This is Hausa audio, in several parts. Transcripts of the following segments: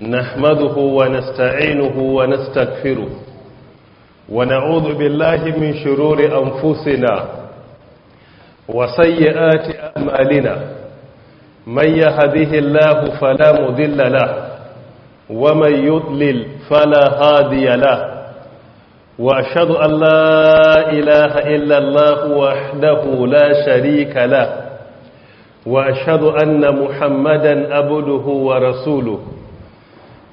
نحمده ونستعينه ونستغفره ونعوذ بالله من شرور أنفسنا وسيئات أمالنا من يهده الله فلا مذل له ومن يضلل فلا هادي له وأشهد أن لا إله إلا الله وحده لا شريك له وأشهد أن محمدا أبده ورسوله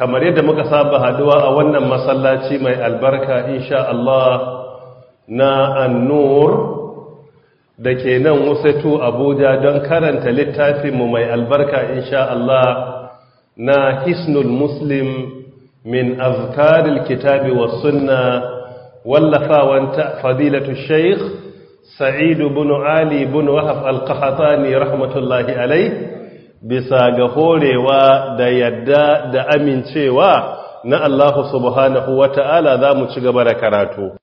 kamar yadda muka saba haduwa a wannan masallaci mai albarka insha Allah na annur da ke nan wasatu abuja don karanta littafinmu mai albarka insha Allah na hisnul muslim min azkaril kitabi wa sunna wallafawan fadilatu sheikh sa'idu bin ali bin wahab al-qahtani rahmatullahi alai. bisa ga horewa da yadda da amincewa na Allahu subhanahu wa ta'ala za mu ci gaba da karatu.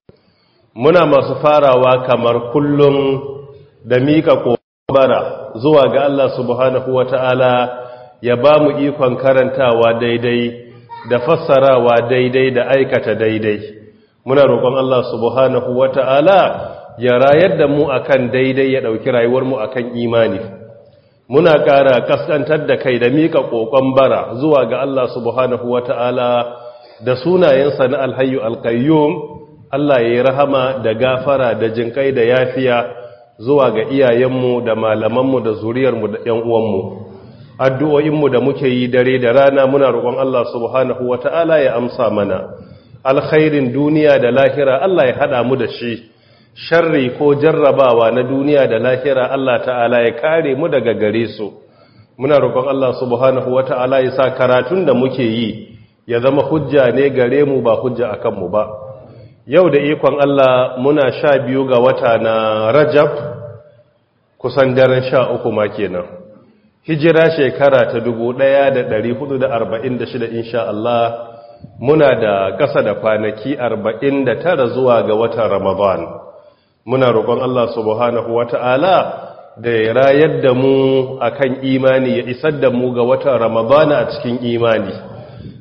Muna masu farawa kamar kullum da mika kobara zuwa ga Allah subhanahu wa ta'ala ya ba mu ikon karantawa daidai da fassarawa daidai da aikata daidai. Muna roƙon Allah subhanahu wa ta'ala ya rayar da mu akan daidai ya ɗauki rayuwar mu akan imani. muna ƙara kaskantar da kai da mika ƙoƙon bara zuwa ga Allah subhanahu wa ta'ala da sunayensa na alhayu alkayyum Allah ya yi rahama da gafara da jinƙai da yafiya zuwa ga iyayenmu da malamanmu da zuriyarmu da 'yan'uwanmu. addu'o'inmu da muke yi dare da rana muna roƙon Allah subhanahu wa ta'ala ya amsa mana alkhairin duniya da lahira Allah ya haɗa mu da shi sharri ko jarrabawa na duniya da lahira Allah ta'ala ya kare mu daga gare su muna roƙon Allah subhanahu wata'ala ya sa karatun da muke yi ya zama hujja ne gare mu ba hujja akan mu ba yau da ikon Allah muna sha biyu ga wata na Rajab kusan daren sha uku ma kenan hijira shekara ta 1446 insha Allah muna da ƙasa da kwanaki 49 zuwa ga watan Ramadan muna roƙon Allah subhanahu wata'ala da ya rayar da mu kan imani ya isar da mu ga wata ramadana a cikin imani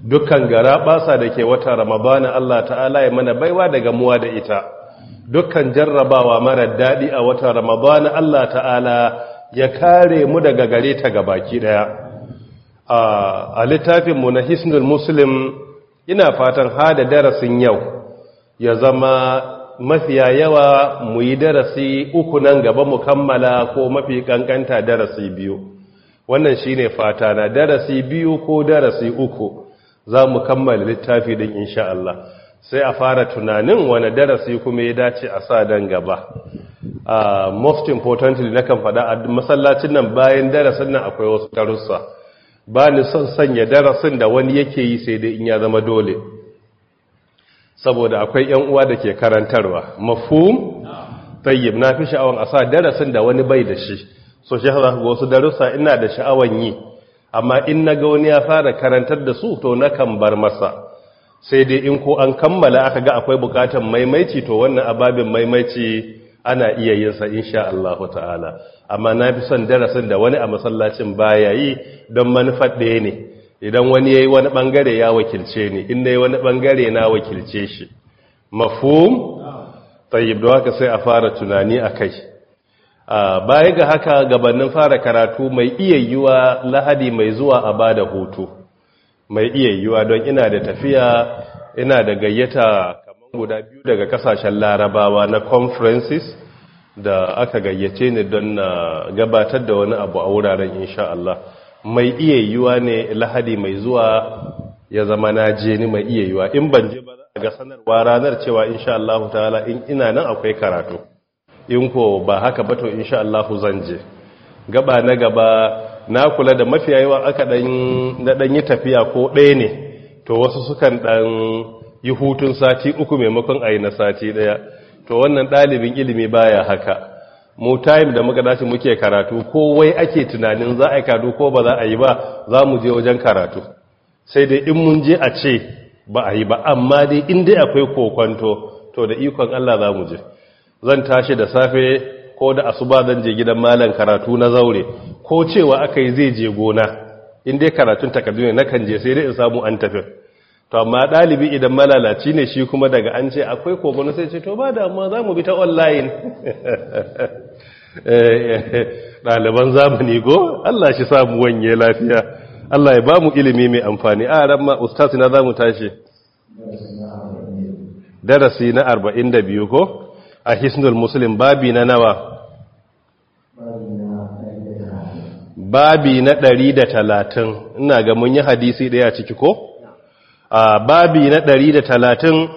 dukkan gara basa da ke wata ramadana Allah ta'ala ya mana baiwa daga muwa da ita dukkan jarrabawa mara daɗi a wata ramadana Allah ta'ala ya kare mu daga gare ta ga baki ɗaya a littafinmu na hisnul muslim ina fatan hada darasin yau ya zama mafiya yawa mu yi darasi uku nan gaba mu kammala ko mafi kankanta darasi biyu wannan shine fata na darasi biyu ko darasi uku za mu kammala littafi din insha Allah sai a fara tunanin wani darasi kuma ya dace a sa dan gaba ah, most importantly na kan faɗa a masallacin nan bayan darasin nan akwai wasu tarussa ba ni son sanya darasin da wani yake yi sai dai in ya zama dole saboda akwai yan uwa da ke karantarwa mafhum tayyib na fi sha'awan a sa darasin da wani bai da shi so shi haza ga wasu darussa ina da sha'awan yi amma in na ga wani ya fara karantar da su to na kan bar masa sai dai in ko an kammala aka ga akwai bukatan maimaici to wannan ababin maimaici ana iya yin sa insha Allah ta'ala amma na fi son darasin da wani a masallacin baya yi don manufar ɗaya ne idan wani ya yi wani bangare ya wakilce ni in yi wani bangare na wakilce shi mafhum tayyib haka sai a fara tunani a akai baya ga haka gabanin fara karatu mai iya yiwa lahadi mai zuwa a ba da hutu mai iya yiwa don ina da tafiya ina da gayyata kamar guda biyu daga kasashen larabawa na conferences da aka gayyace ni don na gabatar da wani abu a wuraren insha Allah mai iya yiwa ne lahadi mai zuwa ya zama na je ni mai iya yiwa in ban je ba za ga sanarwa ranar cewa insha Allah ta'ala in ina nan akwai karatu in ko ba haka ba to insha Allah zan je gaba na gaba na kula da mafiya yawa aka dan na dan yi tafiya ko ɗaya ne to wasu sukan dan yi hutun sati uku maimakon ayi na sati ɗaya, to wannan ɗalibin ilimi baya haka mu time da muka dace muke karatu ko wai ake tunanin za a yi kado ko ba za a yi ba za mu je wajen karatu sai dai in mun je a ce ba a yi ba amma dai in dai akwai kokwanto to da ikon Allah za mu je zan tashi da safe ko da asuba zan je gidan malam karatu na zaure ko cewa aka yi zai je gona in dai karatun takardu ne nakan je sai dai in samu an tafi to amma dalibi idan malalaci ne shi kuma daga an ce akwai kogono sai ce to ba da amma za mu bi ta online ɗaliban zamani go Allah shi samu wanye lafiya Allah ya ba mu ilimi mai amfani a ran ma ustaz na za mu tashi darasi na 42 ko a hisnul muslim babi na nawa babi na 130 ina ga mun yi hadisi daya ciki ko babi na 130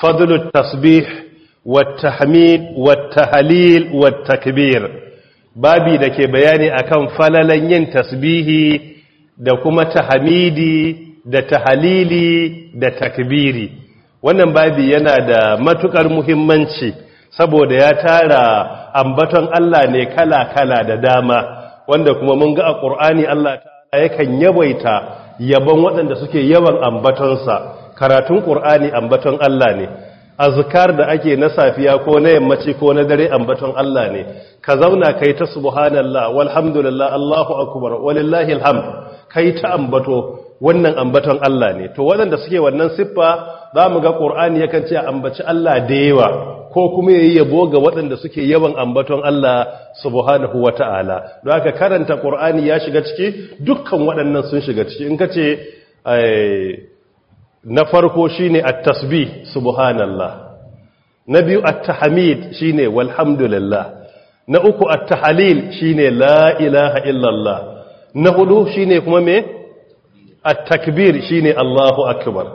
fadlut tasbih wat tahmid wat takbir babi da ke bayani akan falalan yin tasbihi da kuma tahmidi da tahlili da takbiri wannan babi yana da matukar muhimmanci saboda ya tara ambaton Allah ne kala-kala da dama wanda kuma mun ga a ƙur'ani Allah ta yakan yawaita yabon waɗanda suke yawan ambatonsa karatun ƙur'ani ambaton Allah ne azkar da ake na safiya ko na yammaci ko na dare ambaton Allah ne ka zauna kai ta subhanallah walhamdulillah Allahu akbar walillahi alhamd kai ta ambato wannan ambaton Allah ne to waɗanda suke wannan siffa za mu ga ƙur'ani yakan ce ambaci Allah da yawa ko kuma yayi yabo ga waɗanda suke yawan ambaton Allah subhanahu wata'ala don haka karanta qur'ani ya shiga ciki dukkan waɗannan sun shiga ciki in kace eh, na farko shine at-tasbih subhanallah na biyu at-tahmid shine walhamdulillah na uku at-tahlil shine la ilaha illallah na hudu shine kuma me at-takbir shine Allahu akbar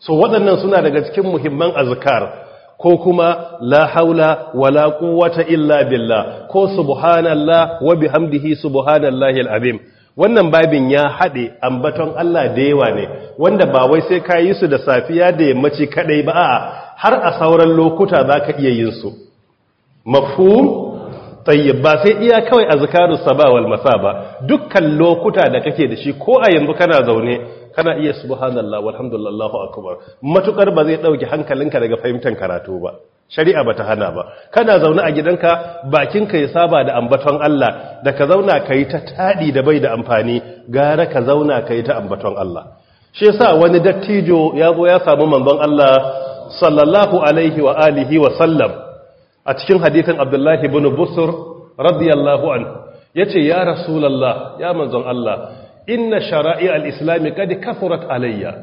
so waɗannan suna daga cikin muhimman azkar ko kuma la haula wala quwwata illa billah ko subhanallah wa bihamdihi subhanallahi alazim wannan babin ya hade ambaton Allah da yawa ne wanda ba wai sai ka su da safiya da yammaci kadai ba a'a har a sauran lokuta zaka iya yin su mafhum tayyib ba sai iya kawai azkarus saba wal masa ba dukkan lokuta da kake da shi ko a yanzu kana zaune kana iya subhanallah allahu akbar matukar ba zai dauki hankalinka daga fahimtar karatu ba shari'a bata hana ba kana zaune a gidanka bakinka ya saba da ambaton Allah da ka zauna kai ta tadi da bai da amfani gara ka zauna kai ta ambaton Allah shi yasa wani dattijo ya zo ya samu manzon Allah sallallahu alaihi wa alihi wa sallam a cikin hadithin Abdullahi ibn Busur radiyallahu anhu yace ya rasulullah ya manzon Allah inna shara'i al-islami kad kathurat alayya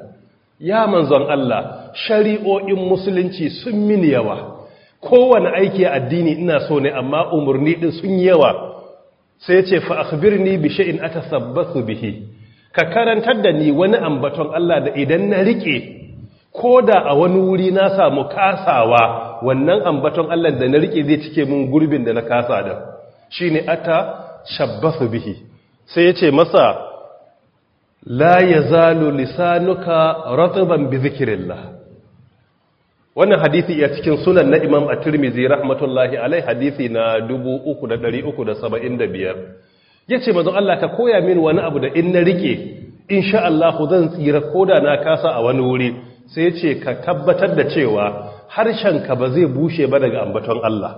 ya manzon Allah shari'o'in musulunci sun min yawa kowane aiki addini ina so ne amma umarni din sun yawa sai ya ce fa akhbirni bi shay'in atasabbathu bihi ka karantar da ni wani ambaton Allah da idan na rike ko da a wani wuri na samu kasawa wannan ambaton Allah da na rike zai cike mun gurbin da na kasa da shine ata shabbathu bihi sai ya ce masa la yazalu lisanuka rataban bi zikrillah wannan hadisi ya cikin sunan na imam a tirmizi rahmatullahi alai hadisi na 3,375 ya ce mazu Allah ka koya min wani abu da in na rike insha Allah zan tsira koda na kasa a wani wuri sai ce ka tabbatar da cewa harshen ka ba zai bushe ba daga ambaton Allah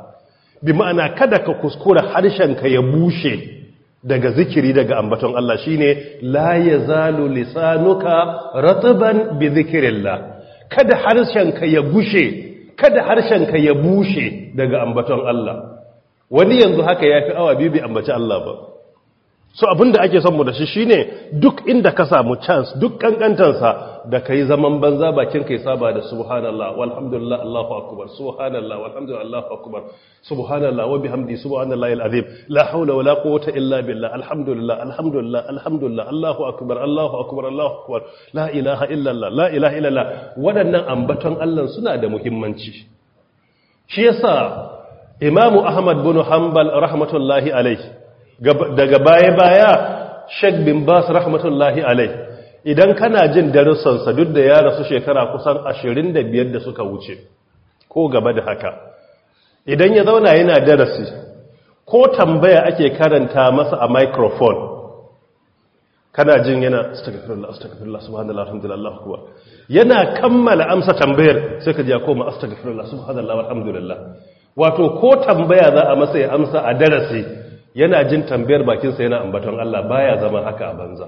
bi ma'ana kada ka kuskura harshenka ya bushe daga zikiri daga ambaton Allah shine la yazalu lisanuka ratban bi zikrillah kada harshenka ya gushe kada harshenka ya bushe daga ambaton Allah wani yanzu haka ya fi awa biyu bai ambaci Allah ba so abinda ake son mu da shi shine duk inda ka samu chance duk kankantansa da kai zaman banza bakin kai saba da subhanallah walhamdulillah allahu akbar subhanallah walhamdulillah allahu akbar subhanallah wa bihamdi subhanallahi alazim la hawla wala quwwata illa billah alhamdulillah alhamdulillah alhamdulillah allahu akbar allahu akbar allahu akbar la ilaha illallah la ilaha illallah allah wadannan ambaton Allah suna da muhimmanci shi yasa imamu ahmad bin hanbal rahmatullahi alaihi daga baya-baya shek bin bas rahmatullahi alai idan kana jin darussansa duk da ya rasu shekara kusan 25 da suka wuce ko gaba da haka idan ya zauna yana darasi ko tambaya ake karanta masa a microphone kana jin yana astagfirullah astagfirullah subhanallah alhamdulillah kuwa yana kammala amsa tambayar sai ka ji ya koma astagfirullah subhanallah alhamdulillah wato ko tambaya za a masa ya amsa a darasi yana jin tambayar bakinsa yana ambaton Allah baya zama haka a banza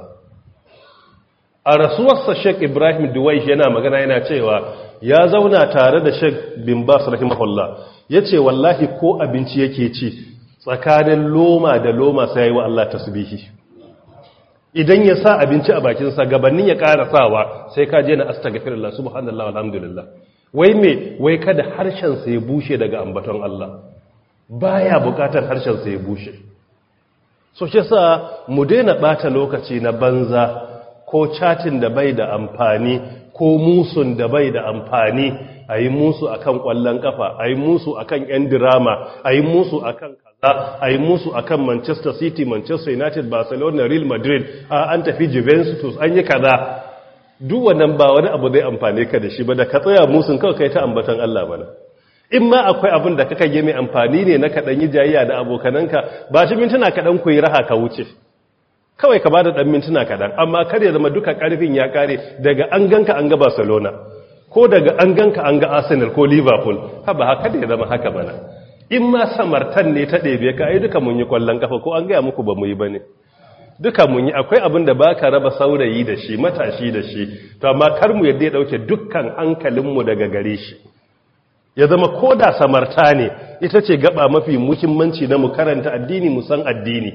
a rasuwarsa Sheikh Ibrahim Duwaish yana magana yana cewa ya zauna tare da Sheikh bin Bas rahimahullah yace wallahi ko abinci yake ci tsakanin loma da loma sai yayi wa Allah tasbihi idan ya sa abinci a bakin sa, gabanin ya ƙara sawa sai ka je na astagfirullah subhanallah walhamdulillah wai me wai kada harshen sa ya bushe daga ambaton Allah baya bukatar harshen sa ya bushe so shi sa mu daina ɓata lokaci na banza ko chatin da bai da amfani ko musun da bai da amfani a yi musu a kan ƙwallon ƙafa a yi musu a kan 'yan dirama a yi musu a kan kaza a yi musu a kan manchester city manchester united barcelona real madrid a an tafi juventus an yi kaza duk wannan ba wani abu zai amfani ka da shi ba da ka tsaya musun kawai kai ta ambatan allah bana. in ma akwai abin da kaka yi mai amfani ne na kaɗan yi jayiya da abokananka ba shi mintuna kaɗan ku yi raha ka wuce kawai ka ba da ɗan mintuna kaɗan amma kar ya zama duka ƙarfin ya ƙare daga an ganka an ga barcelona ko daga an ganka an ga arsenal ko liverpool ha ba haka da ya zama haka bana in ma samartan ne ta ɗebe ka ai duka mun yi kwallon kafa ko an gaya muku ba mu yi ba ne duka mun yi akwai abin da ba ka raba saurayi da shi matashi da shi to amma kar mu yadda ya ɗauke dukkan hankalinmu daga gare shi ya zama ko da samarta ne ita ce gaba mafi muhimmanci na mu karanta addini mu san addini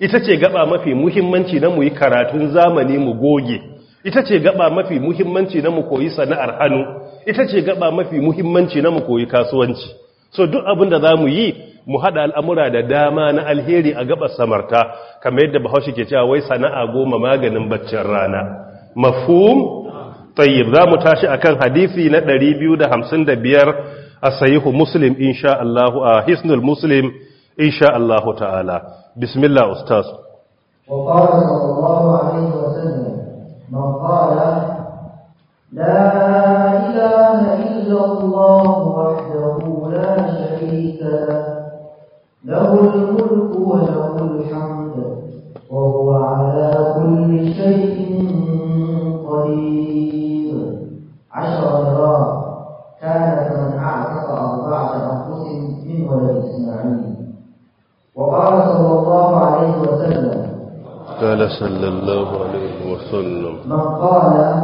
ita ce gaba mafi muhimmanci na mu yi karatun zamani mu goge ita ce gaba mafi muhimmanci na mu koyi sana'ar hannu ita ce gaba mafi muhimmanci na mu koyi kasuwanci so duk abin da za mu yi mu haɗa al'amura da dama na alheri a gaɓa samarta kamar yadda bahaushe ke cewa wai sana'a goma maganin baccin rana mafhum طيب ذا متاشي أكن حديثي ندري بيود حمسن دبير أسيه مسلم إن شاء الله أحسن المسلم إن شاء الله تعالى بسم الله أستاذ وقال صلى الله عليه وسلم من قال لا إله إلا الله وحده لا شريك له الملك وله الحمد وهو على كل شيء قدير عشر مرات كان فمن أعتق أربعة أنفس من ولد إسماعيل وقال صلى الله عليه وسلم قال صلى الله عليه وسلم من قال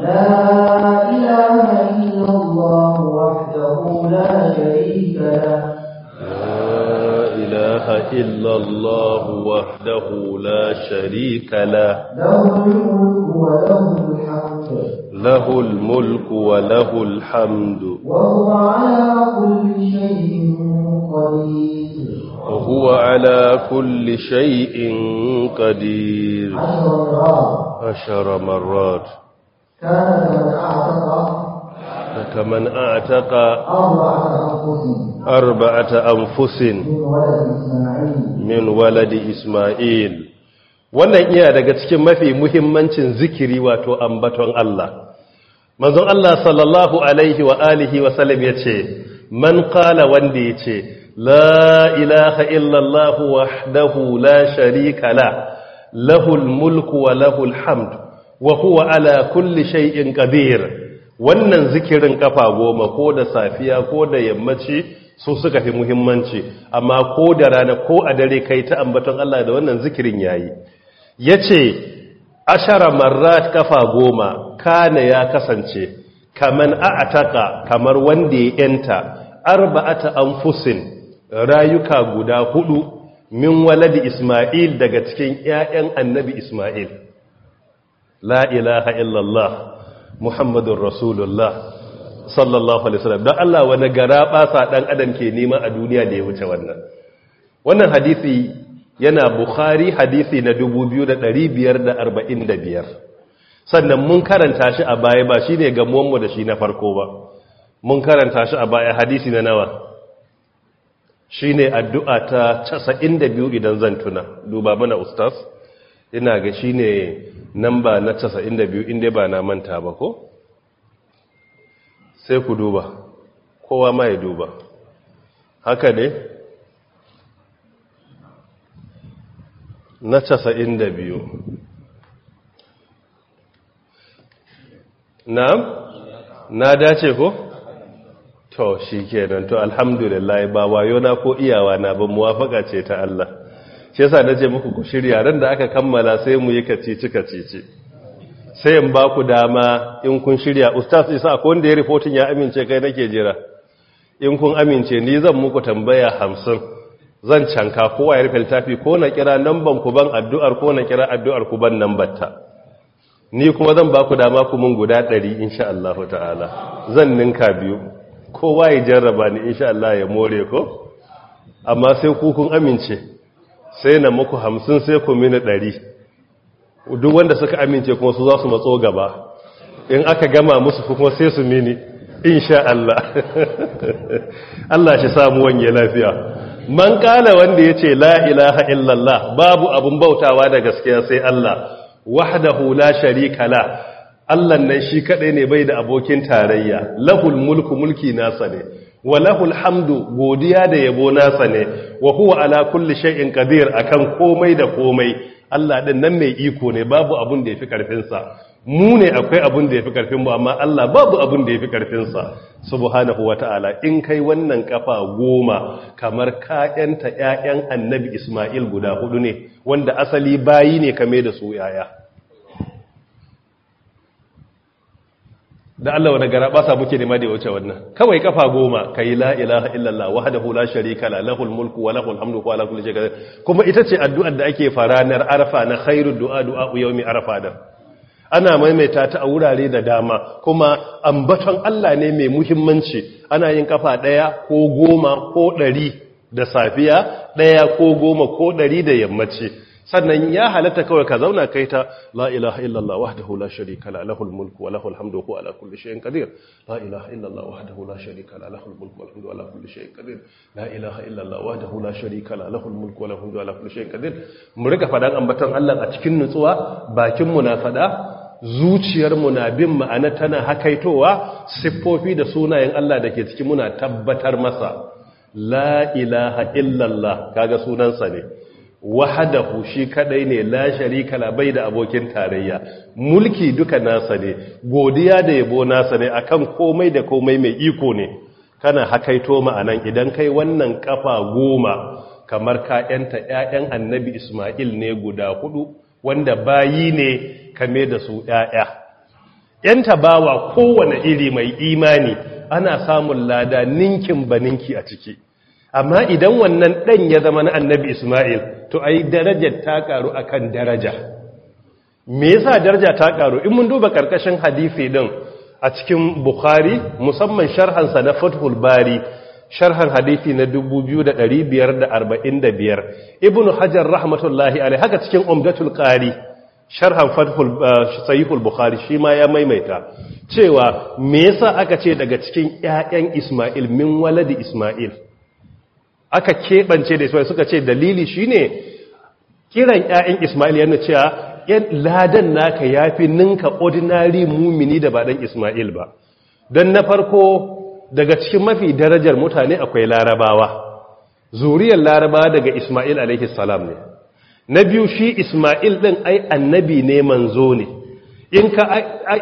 لا إله إلا الله وحده لا شريك له لا إله إلا الله وحده لا شريك له له الملك وله الحمد له الملك وله الحمد وهو على كل شيء قدير وهو على كل شيء قدير عشر مرات كمن أعتق أربعة أنفس من ولد إسماعيل wannan iya daga cikin mafi muhimmancin zikiri wato ambaton Allah manzon Allah sallallahu alaihi wa alihi wa sallam yace man qala wanda yace la ilaha illallah wahdahu la sharika la lahul mulku wa lahul hamd wa huwa ala kulli shay'in qadir wannan zikirin kafa goma ko da safiya ko da yammaci su suka fi muhimmanci amma ko da rana ko a dare kai ta ambaton Allah da wannan zikirin yayi yace ashara marrat kafa goma kana ya kasance kaman a'ataka kamar wanda ya yanta arba'ata anfusin rayuka guda hudu min waladi Ismail daga cikin ya'yan Annabi Ismail la ilaha illallah Muhammadur Rasulullah sallallahu alaihi wasallam dan Allah wani gara basa dan adam ke nema a duniya da ya wuce wannan wannan hadisi yana Bukhari hadisi na 2545 sannan mun karanta shi a baya ba shi ne gamuwanmu da shi na farko ba mun karanta shi a baya hadisi na nawa shi ne addu'a ta casa'in da biyu idan zan tuna duba mana ustaz ina ga shi ne namba na casa'in da biyu inda ba na manta ba ko sai ku duba kowa ma ya duba haka ne na casa'in da biyu na'am na dace ko to shi kenan to alhamdulillah ba wayo na ko iyawa na ba muwafaka ce ta Allah shi yasa nace muku ku shirya ran da aka kammala sai mu yi kacici kacici sai in ba ku dama in kun shirya ustaz isa ko wanda ya reporting ya amince kai nake jira in kun amince ni zan muku tambaya hamsin zan canka kowa ya rufe littafi ko na kira namban ku ban addu'ar ko na kira addu'ar ku ban nambar ta ni kuma zan ba ku dama ku mun guda ɗari insha Allah ta'ala zan ninka biyu kowa ya jarraba ni insha Allah ya more ko amma sai ku kun amince sai na muku hamsin sai ku mini ɗari duk wanda suka amince kuma su za su matso gaba in aka gama musu kuma sai su mini insha Allah Allah shi samu wanye lafiya man kala wanda ya ce la ilaha illallah babu abin bautawa da gaskiya sai Allah wahdahu la sharika la Allah nan shi kadai ne bai da abokin tarayya lahul mulku mulki nasa ne wa lahul hamdu godiya da yabo nasa ne wa huwa ala kulli shay'in qadir akan komai da komai Allah din nan mai iko ne babu abun da yafi karfin sa mu ne akwai abun da yafi karfin mu amma Allah babu abun da yafi karfin sa subhanahu wataala in kai wannan kafa goma kamar ka'yanta ƴaƴan annabi Isma'il guda hudu ne wanda asali bayi ne kame da su yaya da Allah wani gara ba sa muke nema da wuce wannan kawai kafa goma yi la ilaha illallah wahadahu la sharika la lahul mulku wa lahul hamdu wa lahul kulli kuma ita ce addu'ar da ake fara na arafa na khairin du'a du'a yau mai arafa da ana maimaita ta a wurare da dama kuma ambaton Allah ne mai muhimmanci ana yin kafa ɗaya ko goma ko ɗari da safiya ɗaya ko goma ko ɗari da yammaci sannan ya halatta kawai ka zauna kai ta la ilaha illallah wahdahu hula shari'a kala lahul mulku wa lahul hamdu ku ala kulli shay'in kadir la ilaha illallah wahdahu hula shari'a kala lahul mulku wa lahul hamdu ala shay'in kadir la ilaha illallah wahdahu hula shari'a kala lahul mulku wa lahul hamdu ala shay'in kadir mu rika fadan ambaton Allah a cikin nutsuwa bakin mu na fada zuciyar mu na bin ma'ana tana hakaitowa siffofi da sunayen Allah da ke cikin muna tabbatar masa la ilaha illallah kaga sunansa ne wahadahu shi kadai ne la sharika la bai da abokin tarayya mulki duka nasa ne godiya da yabo nasa ne akan komai da komai mai iko ne kana hakaito ma'anan idan kai wannan kafa goma kamar ka yanta ƴaƴan annabi Isma'il ne guda hudu wanda bayi ne kame da su ƴaƴa yanta bawa kowane iri mai imani ana samun lada ninkin baninki a ciki amma idan wannan ɗan ya zama na annabi ismail to ai darajar ta karu akan daraja me yasa daraja ta karu in mun duba karkashin hadisi din a cikin bukhari musamman sharhansa na fathul bari sharhan hadisi na 2545 ibnu hajar rahmatullahi alai haka cikin umdatul qari sharhan fathul eh, sahihul bukhari shi ma ya maimaita cewa me yasa aka ce daga cikin ya'yan isma'il min waladi isma'il aka keɓance da ismail suka ce dalili shi ne kiran 'ya'yan ismail yana cewa yan ladan naka fi ninka ordinary mumini da ba dan ismail ba Don na farko daga cikin mafi darajar mutane akwai larabawa zuriyar laraba daga ismail alaihi salam ne na biyu shi ismail ɗin ai annabi ne manzo ne in ka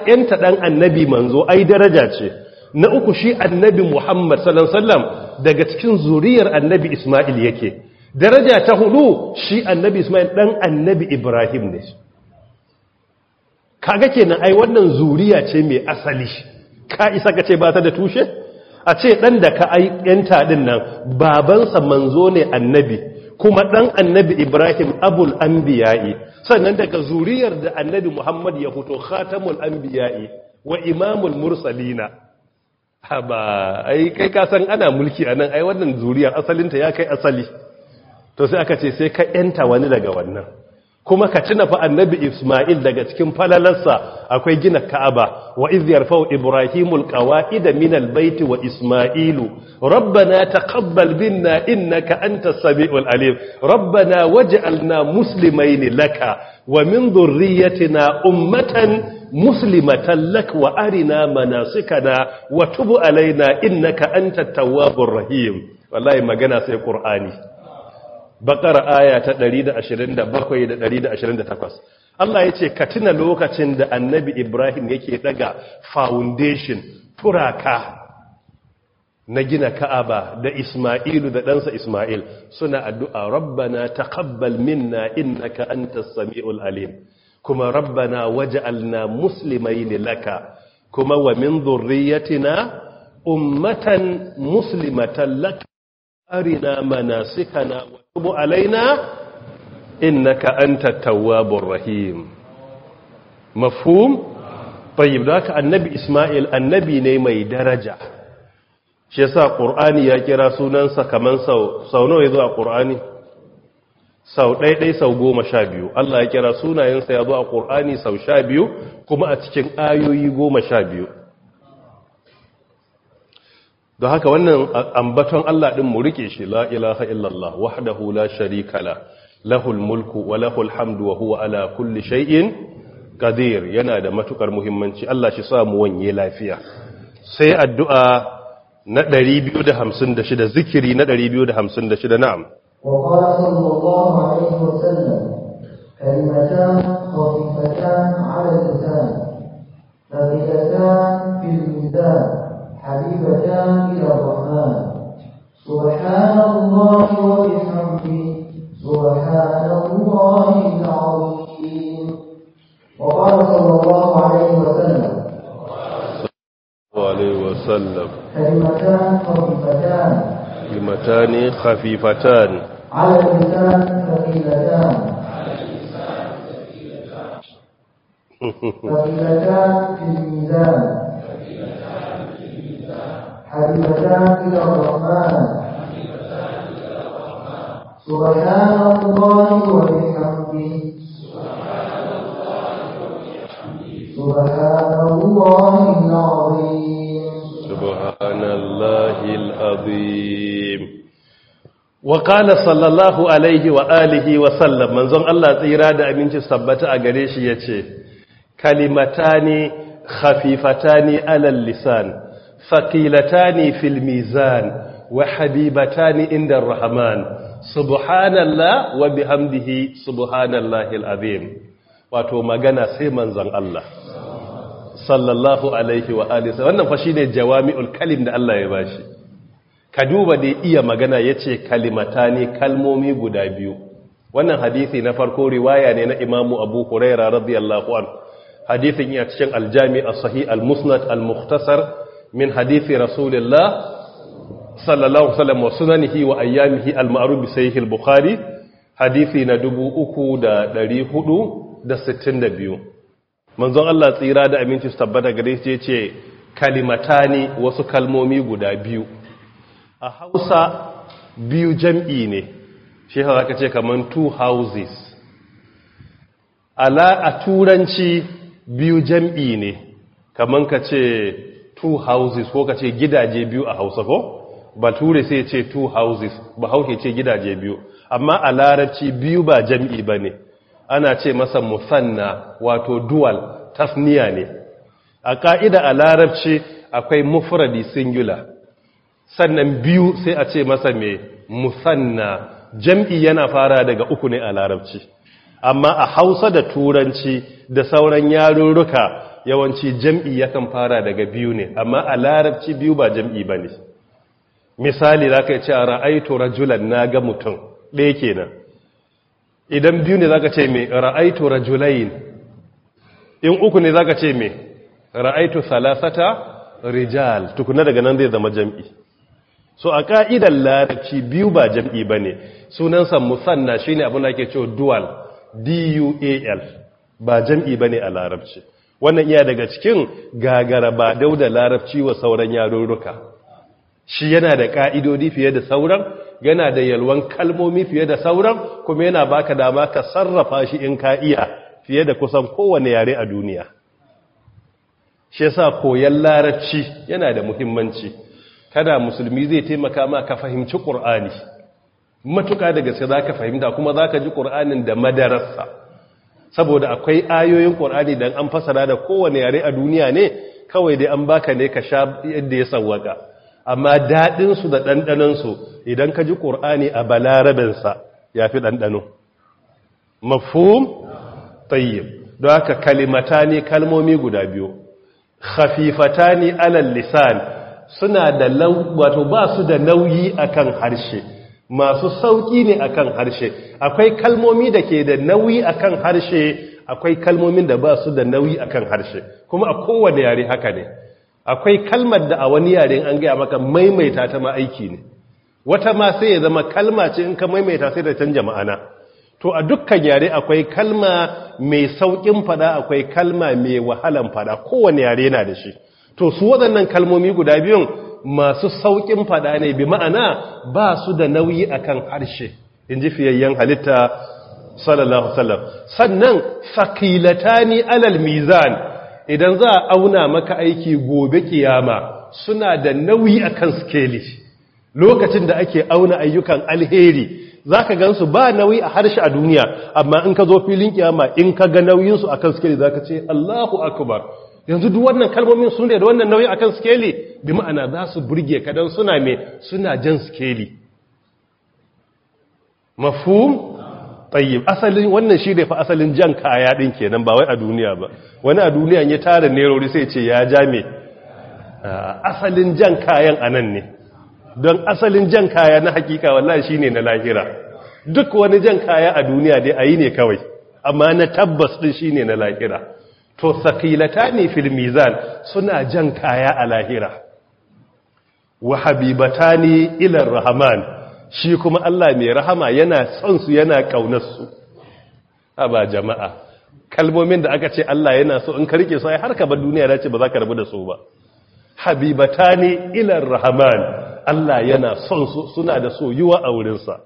yanta ɗan annabi manzo ai daraja ce na uku shi annabi muhammad sallallahu daga cikin zuriyar annabi Ismail yake daraja ta hudu shi annabi Ismail dan annabi Ibrahim ne kaga kenan ai wannan zuriya ce mai asali ka isa ka ce ba ta da tushe a ce dan da ka ai yanta din nan babansa manzo ne annabi kuma dan annabi Ibrahim abul anbiya'i sannan daga zuriyar da annabi Muhammad ya fito khatamul anbiya'i wa imamul mursalina haba ai kai ka san ana mulki anan ai wannan zuriyar asalinta ya kai asali to sai aka ce sai ka yanta wani daga wannan kuma ka tuna fa annabi Isma'il daga cikin falalarsa akwai gina Ka'aba wa iz yarfa'u Ibrahimul qawa'ida minal baiti wa Isma'ilu rabbana taqabbal minna na antas samiul alim rabbana musulmai muslimaini laka wa min dhurriyyatina ummatan muslimatan lak wa arina manasikana wa tubu alaina innaka antat tawwabur rahim wallahi magana sai Kur'ani. bakar aya ta 127 128 Allah ya ce ka tuna lokacin da annabi Ibrahim yake daga foundation turaka na gina ka'aba da Ismailu da ɗansa Ismail suna addu'a rabbana taqabbal minna innaka antas sami'ul alim kuma rabbana waj'alna ne laka kuma wa min dhurriyyatina ummatan muslimatan laka arina manasikana wa tubu alaina innaka anta tawwabur rahim mafhum tayyib da haka annabi isma'il annabi ne mai daraja shi yasa qur'ani ya kira sunansa kamar sau sau nawa yazo a qur'ani sau ɗaiɗai sau goma sha biyu Allah ya kira sunayensa ya zo a ƙur'ani sau sha biyu kuma a cikin ayoyi goma sha biyu don haka wannan ambaton Allah din mu rike shi la ilaha illallah wahdahu la sharika la lahul mulku wa lahul hamdu wa huwa ala kulli shay'in qadir yana da matukar muhimmanci Allah shi sa mu wanye lafiya sai addu'a na 256 zikiri na 256 na'am wa qala sallallahu alaihi wasallam kalimatan khafifatan 'ala al-lisan thabitatan fil mizan حبيبتان إلى الرحمن سبحان الله وبحمده سبحان الله العظيم وقال صلى الله عليه وسلم عليه وسلم كلمتان خفيفتان كلمتان خفيفتان على اللسان ثقيلتان ثقيلتان في الميزان حبيبتان إلى الرحمن سبحان الله وبحمده سبحان الله العظيم سبحان الله العظيم Waƙala sallallahu alaihi wa alihi wa sallam manzon Allah tsira da aminci sabbata a gare shi yace kalimatani khafifatani alal lisan faqilatani fil mizan wa habibatani inda rahman subhanallah wa bihamdihi subhanallahil azim wato magana sai manzon Allah sallallahu alaihi wa alihi wannan fa shine jawami'ul kalim da Allah ya bashi ka duba da iya magana yace kalimatani kalmomi guda biyu wannan hadisi na farko riwaya ne na imamu abu huraira radiyallahu an hadisin ya cikin aljami as-sahih al-musnad al-mukhtasar min hadithi rasulillah sallallahu wasallam wa sunanihi wa ayyamihi al-ma'ruf bi sahih al-bukhari hadisi na 3462 manzon Allah tsira da aminci su tabbata gare shi yace kalimatani wasu kalmomi guda biyu a Hausa biyu jam'i ne shi haka ce kaman two houses ala a turanci biyu jam'i ne kaman ka ce two houses ko ka ce gidaje biyu a hausa ko bature sai ce two houses ba hauke ce gidaje biyu amma a larabci biyu ba jam'i ba ne ana ce masa musanna wato dual tasniya ne a ƙa'ida a larabci akwai mufradi singular sannan biyu sai a ce masa mai musanna jam'i yana fara daga uku ne a larabci amma a hausa da turanci da sauran yarurruka yawanci jam'i ya kan fara daga biyu ne amma a larabci biyu ba jam'i ba ne misali za ka ce a ra'aitu rajulan na ga mutum ɗaya kenan idan biyu ne za ka ce mai ra'aitu rajulayin in uku ne za ka ce mai ra'aitu salasata rijal tukuna daga nan zai zama jam'i so a ƙa'idar larabci biyu ba jam'i ba ne sunansa musanna shi ne abin da ake ce dual dual ba jam'i ba ne a larabci wannan iya daga cikin gagara ba dauda larabci wa sauran yarurruka shi yana da ka'idodi fiye da sauran yana da yalwan kalmomi fiye da sauran kuma yana baka dama ka sarrafa shi in ka iya fiye da kusan kowane yare a duniya shi yasa koyan larabci yana da muhimmanci kada musulmi zai taimaka ma ka fahimci qur'ani matuƙa da gaske zaka fahimta kuma zaka ji qur'anin da madarasa saboda akwai ayoyin ƙwar'ani don an fasara da kowane yare a duniya ne kawai dai an baka ne ka sha yadda ya sawwaka amma daɗinsu da ɗanɗanansu idan ka ji ƙwar'ani a balarabinsa ya fi ɗanɗano mafhum tsaye don haka kalimata ne kalmomi guda biyu Hafifata ne alal lisan suna da wato ba su da nauyi akan harshe masu sauƙi ne akan harshe akwai kalmomi da ke da nauyi a kan harshe akwai kalmomin da ba su da nauyi akan harshe kuma a kowane yare haka ne akwai kalmar da a wani yare an gaya maka maimaita ta ma aiki ne wata ma sai ya zama kalma ce in ka maimaita sai da canja ma'ana to a dukkan yare akwai kalma mai sauƙin fada akwai kalma mai wahalan fada kowane yare yana da shi to su waɗannan kalmomi guda biyun masu sauƙin fada ne bi ma'ana ba su da nauyi akan harshe in ji fiyayyen halitta sallallahu sallam sannan ni alal mizan idan za a auna maka aiki gobe kiyama suna da nauyi akan skeli lokacin da ake auna ayyukan alheri za ka gansu ba nauyi a harshe a duniya amma in ka zo filin kiyama in ka ga nauyinsu a kan skeli za ka ce allahu akbar yanzu duk wannan kalmomin sun da wannan nauyi akan skeli bi ma'ana za su burge ka dan suna me suna jan skeli mafhum tayyib asalin wannan shi da fa asalin jan kaya din kenan ba wai a duniya ba wani a duniya ya tara nerori sai ce ya ja me ah, asalin jan kayan anan ne don asalin jan kaya na hakika wallahi shine na lahira duk wani jan kaya a duniya dai ayi ne kawai amma na tabbas din shine na lahira to sakilata ne fil suna jan kaya a lahira wa habibata ne ilar rahaman shi kuma Allah mai rahama yana son su yana ƙaunarsu a ba jama'a kalmomin da aka ce Allah yana so in karke su ai har ka bar duniya da ce ba za ka rabu da su ba habibata ne ilar rahaman Allah yana son su suna da so yiwa a wurinsa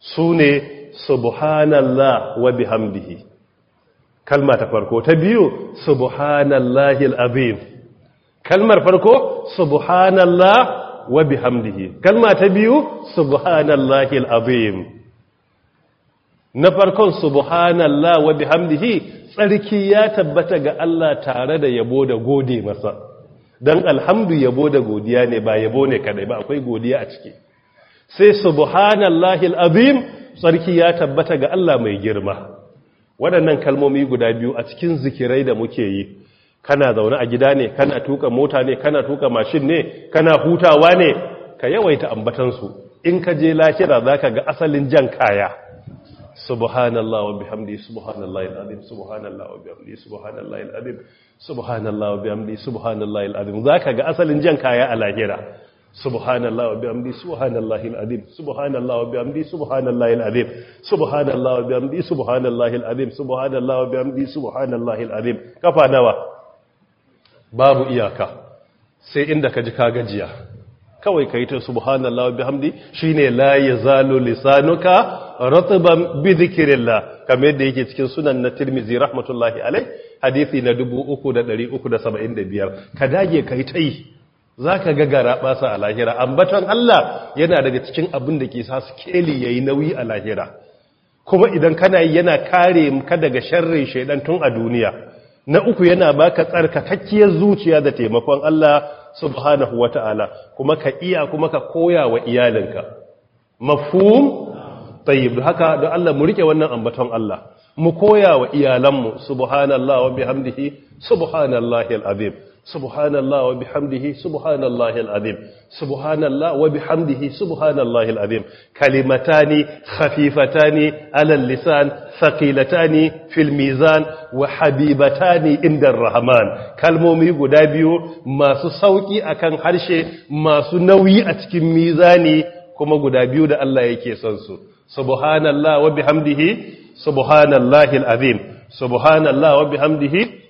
su ne subhanallah wa bihamdihi kalma ta farko ta biyu subhanallahi al'azim kalmar farko subhanallah wa bihamdihi kalma ta biyu subhanallahi al'azim na farkon subhanallah wa bihamdihi tsarki ya tabbata ga Allah tare da yabo da gode masa don alhamdu yabo da godiya ne ba yabo ne kadai ba akwai godiya a ciki sai subhanallahi al'azim tsarki ya tabbata ga Allah mai girma waɗannan kalmomi guda biyu a cikin zikirai da muke yi kana zaune a gida ne kana tuka mota ne kana tuka mashin ne kana hutawa ne ka yawaita ambatansu in ka je lahira za ka ga asalin jan kaya subhanallah wa bihamdi subhanallah al'adim subhanallah wa bihamdi subhanallah al'adim subhanallah wa bihamdi subhanallah al'adim za ka ga asalin jan kaya a lahira subhanallah wa bihamdi subhanallahi alazim subhanallah wa bihamdi subhanallahi alazim subhanallah wa bihamdi subhanallahi alazim subhanallah wa bihamdi subhanallahi alazim kafa nawa babu iyaka sai inda ka ji ka gajiya kawai ka yi ta subhanallah wa bihamdi shine la yazalu lisanuka ratban bi dhikrillah kamar yadda yake cikin sunan na Tirmidhi rahmatullahi alai hadisi na 3375 ka dage ka yi ta yi za ka ga gara a lahira ambaton Allah yana daga cikin abin da ke sa su keli ya yi nauyi a lahira kuma idan kana yi yana kare ka daga sharrin shaidan tun a duniya na uku yana ba baka tsarkakakkiyar zuciya da taimakon Allah subhanahu ta'ala kuma ka iya kuma ka koya wa iyalinka mafhum tayyib haka da Allah mu rike wannan ambaton Allah mu koya wa iyalanmu subhanallahi wa bihamdihi subhanallahi alazim subhanallah wa bihamdihi subhanallahi alazim subhanallah wa bihamdihi subhanallahi alazim kalimatani khafifatani ala lisan thaqilatani fil mizan wa habibatani inda rahman kalmomi guda biyu masu sauki akan harshe masu nauyi a cikin mizani kuma guda biyu da Allah yake son su subhanallah wa bihamdihi subhanallahi alazim subhanallah wa bihamdihi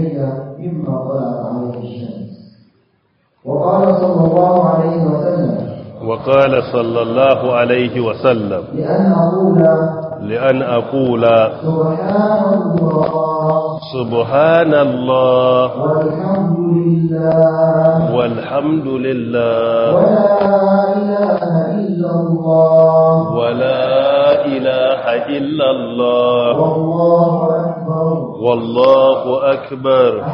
إلي مما طلعت عليه الشمس وقال صلى الله عليه وسلم وقال صلى الله عليه وسلم لأن أقول لأن أقول سبحان الله سبحان الله والحمد لله والحمد لله ولا إله إلا الله ولا إله إلا الله والله أكبر والله أكبر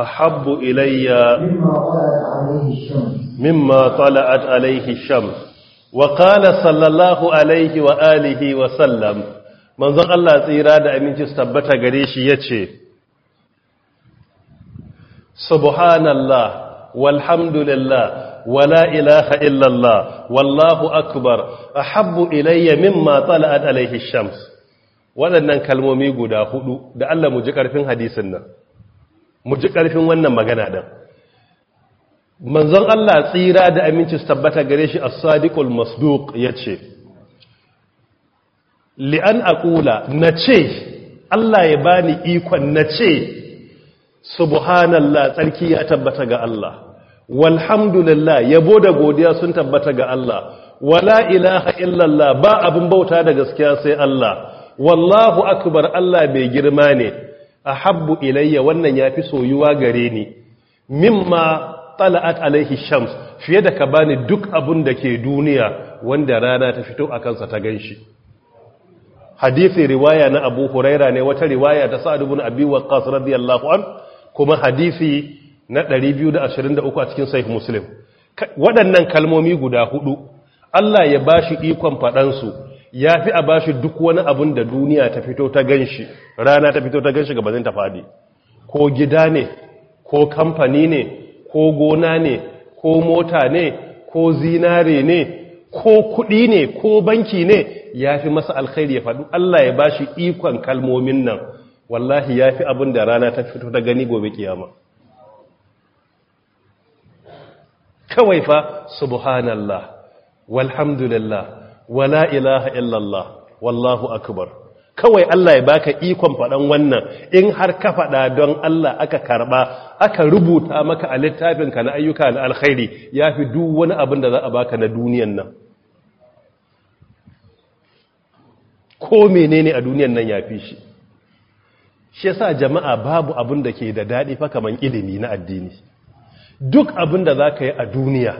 أحب إلي مما طلعت عليه الشمس وقال صلى الله عليه وآله وسلم من ذا الله تيرا دا أمينتي ستبتا قريش يتشي سبحان الله والحمد لله ولا إله إلا الله والله أكبر أحب إلي مما طلعت عليه الشمس waɗannan kalmomi guda hudu da Allah mu ji ƙarfin hadisin nan mu ji ƙarfin wannan magana ɗin manzon Allah tsira da aminci su tabbata gare shi as-sadiqul masduq ya ce. li'an aqula nace Allah ya bani ikon nace subhanallah tsarki ya tabbata ga Allah walhamdulillah yabo da godiya sun tabbata ga Allah wala ilaha illallah ba abin bauta da gaskiya sai Allah wallahu akbar Allah mai girma ne a habbu ilayya wannan ya fi soyuwa gare ni mimma tala'at alaihi shams fiye da ka bani duk abun da ke duniya wanda rana ta fito a kansa ta shi Hadithi riwaya na Abu Huraira ne wata riwaya ta bin ibn Abi radiyallahu an kuma hadithi na 223 a cikin Sahih Muslim waɗannan kalmomi guda hudu Allah ya bashi ikon faɗansu ya fi a bashi duk wani abun da duniya ta fito ta ganshi rana ta fito ta ganshi gabanin ta fadi ko gida ne ko kamfani ne ko gona ne ko mota ne ko zinare ne ko kudi ne ko banki ne ya fi masa alkhairi ya faɗu Allah ya bashi ikon kalmomin nan wallahi ya fi abin da rana ta fito ta gani gobe kiyama kawai fa subhanallah walhamdulillah wala ilaha illallah wallahu akbar kawai Allah ya baka ikon faɗan wannan in har ka faɗa don Allah aka karɓa aka rubuta maka a littafinka na ayyuka na alkhairi ya fi duk wani abin da za a baka na duniyan nan ko menene a duniyan nan ya fi shi shi yasa jama'a babu abin da ke da daɗi fa kaman ilimi na addini duk abin da za ka yi a duniya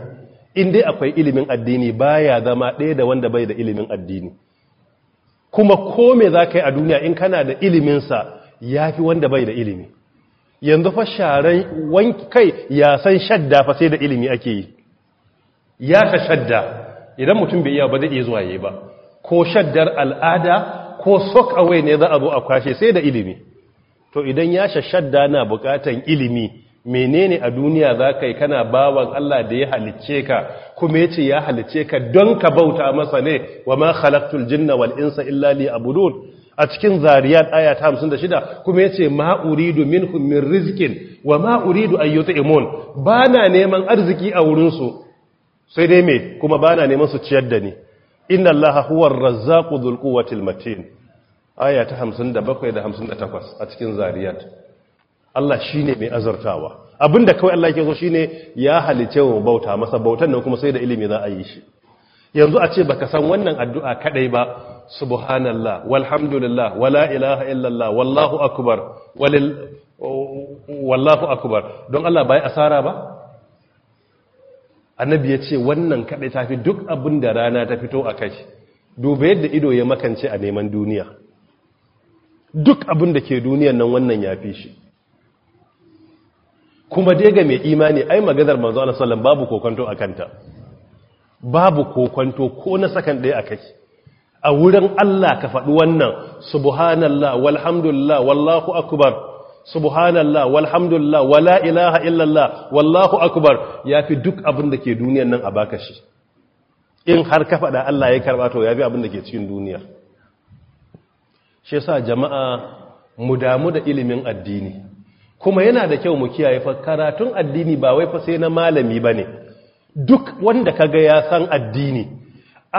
in dai akwai ilimin addini baya zama ɗaya da wanda bai da ilimin addini kuma ko me za ka yi a duniya in kana da iliminsa ya fi wanda bai da ilimi yanzu fa sharan wanki kai ya san shadda fa sai da ilimi ake yi ya ka shadda idan mutum bai iya ba zai iya zuwa yi ba ko shaddar al'ada ko sok away ne za a zo a kwashe sai da ilimi to idan ya shadda na bukatan ilimi menene a duniya za ka yi kana bawan Allah da ya halicce ka kuma ya ce ya halicce ka don ka bauta masa ne wa ma khalaqtul jinna wal insa illa liya'budun a cikin zariyat aya ta 56 kuma ya ce ma uridu minhum min rizqin wa ma uridu an yut'imun bana neman arziki a wurin su sai dai me kuma bana neman su ciyar da ni inna allaha huwar razzaqu dhul quwwatil matin aya ta 57 da 58 a cikin zariyat Allah shi ne mai azartawa abinda kawai Allah yake so shine ya halice wa bauta masa bautan nan kuma sai da ilimi za a yi shi yanzu a ce baka san wannan addu'a kadai ba subhanallah walhamdulillah wala ilaha illallah wallahu akbar walil wallahu akbar don Allah bai asara ba annabi ya ce wannan kadai tafi duk abin da rana ta fito a kai duba yadda ido ya makance a neman duniya duk abin da ke duniyan nan wannan ya fi shi kuma dai ga mai imani ai maganar manzo Allah sallallahu babu kokonto akanta babu kokonto ko na sakan ɗaya akai a wurin Allah ka faɗi wannan subhanallah walhamdulillah wallahu akbar subhanallah walhamdulillah wala ilaha illallah wallahu akbar yafi duk abin da ke duniyar nan a baka shi in har ka faɗa Allah ya karɓa to yafi abin da ke cikin duniya shi yasa jama'a mu damu da ilimin addini kuma yana da kyau mu kiyaye fa karatun addini ba wai fa sai na malami bane duk wanda kaga ya san addini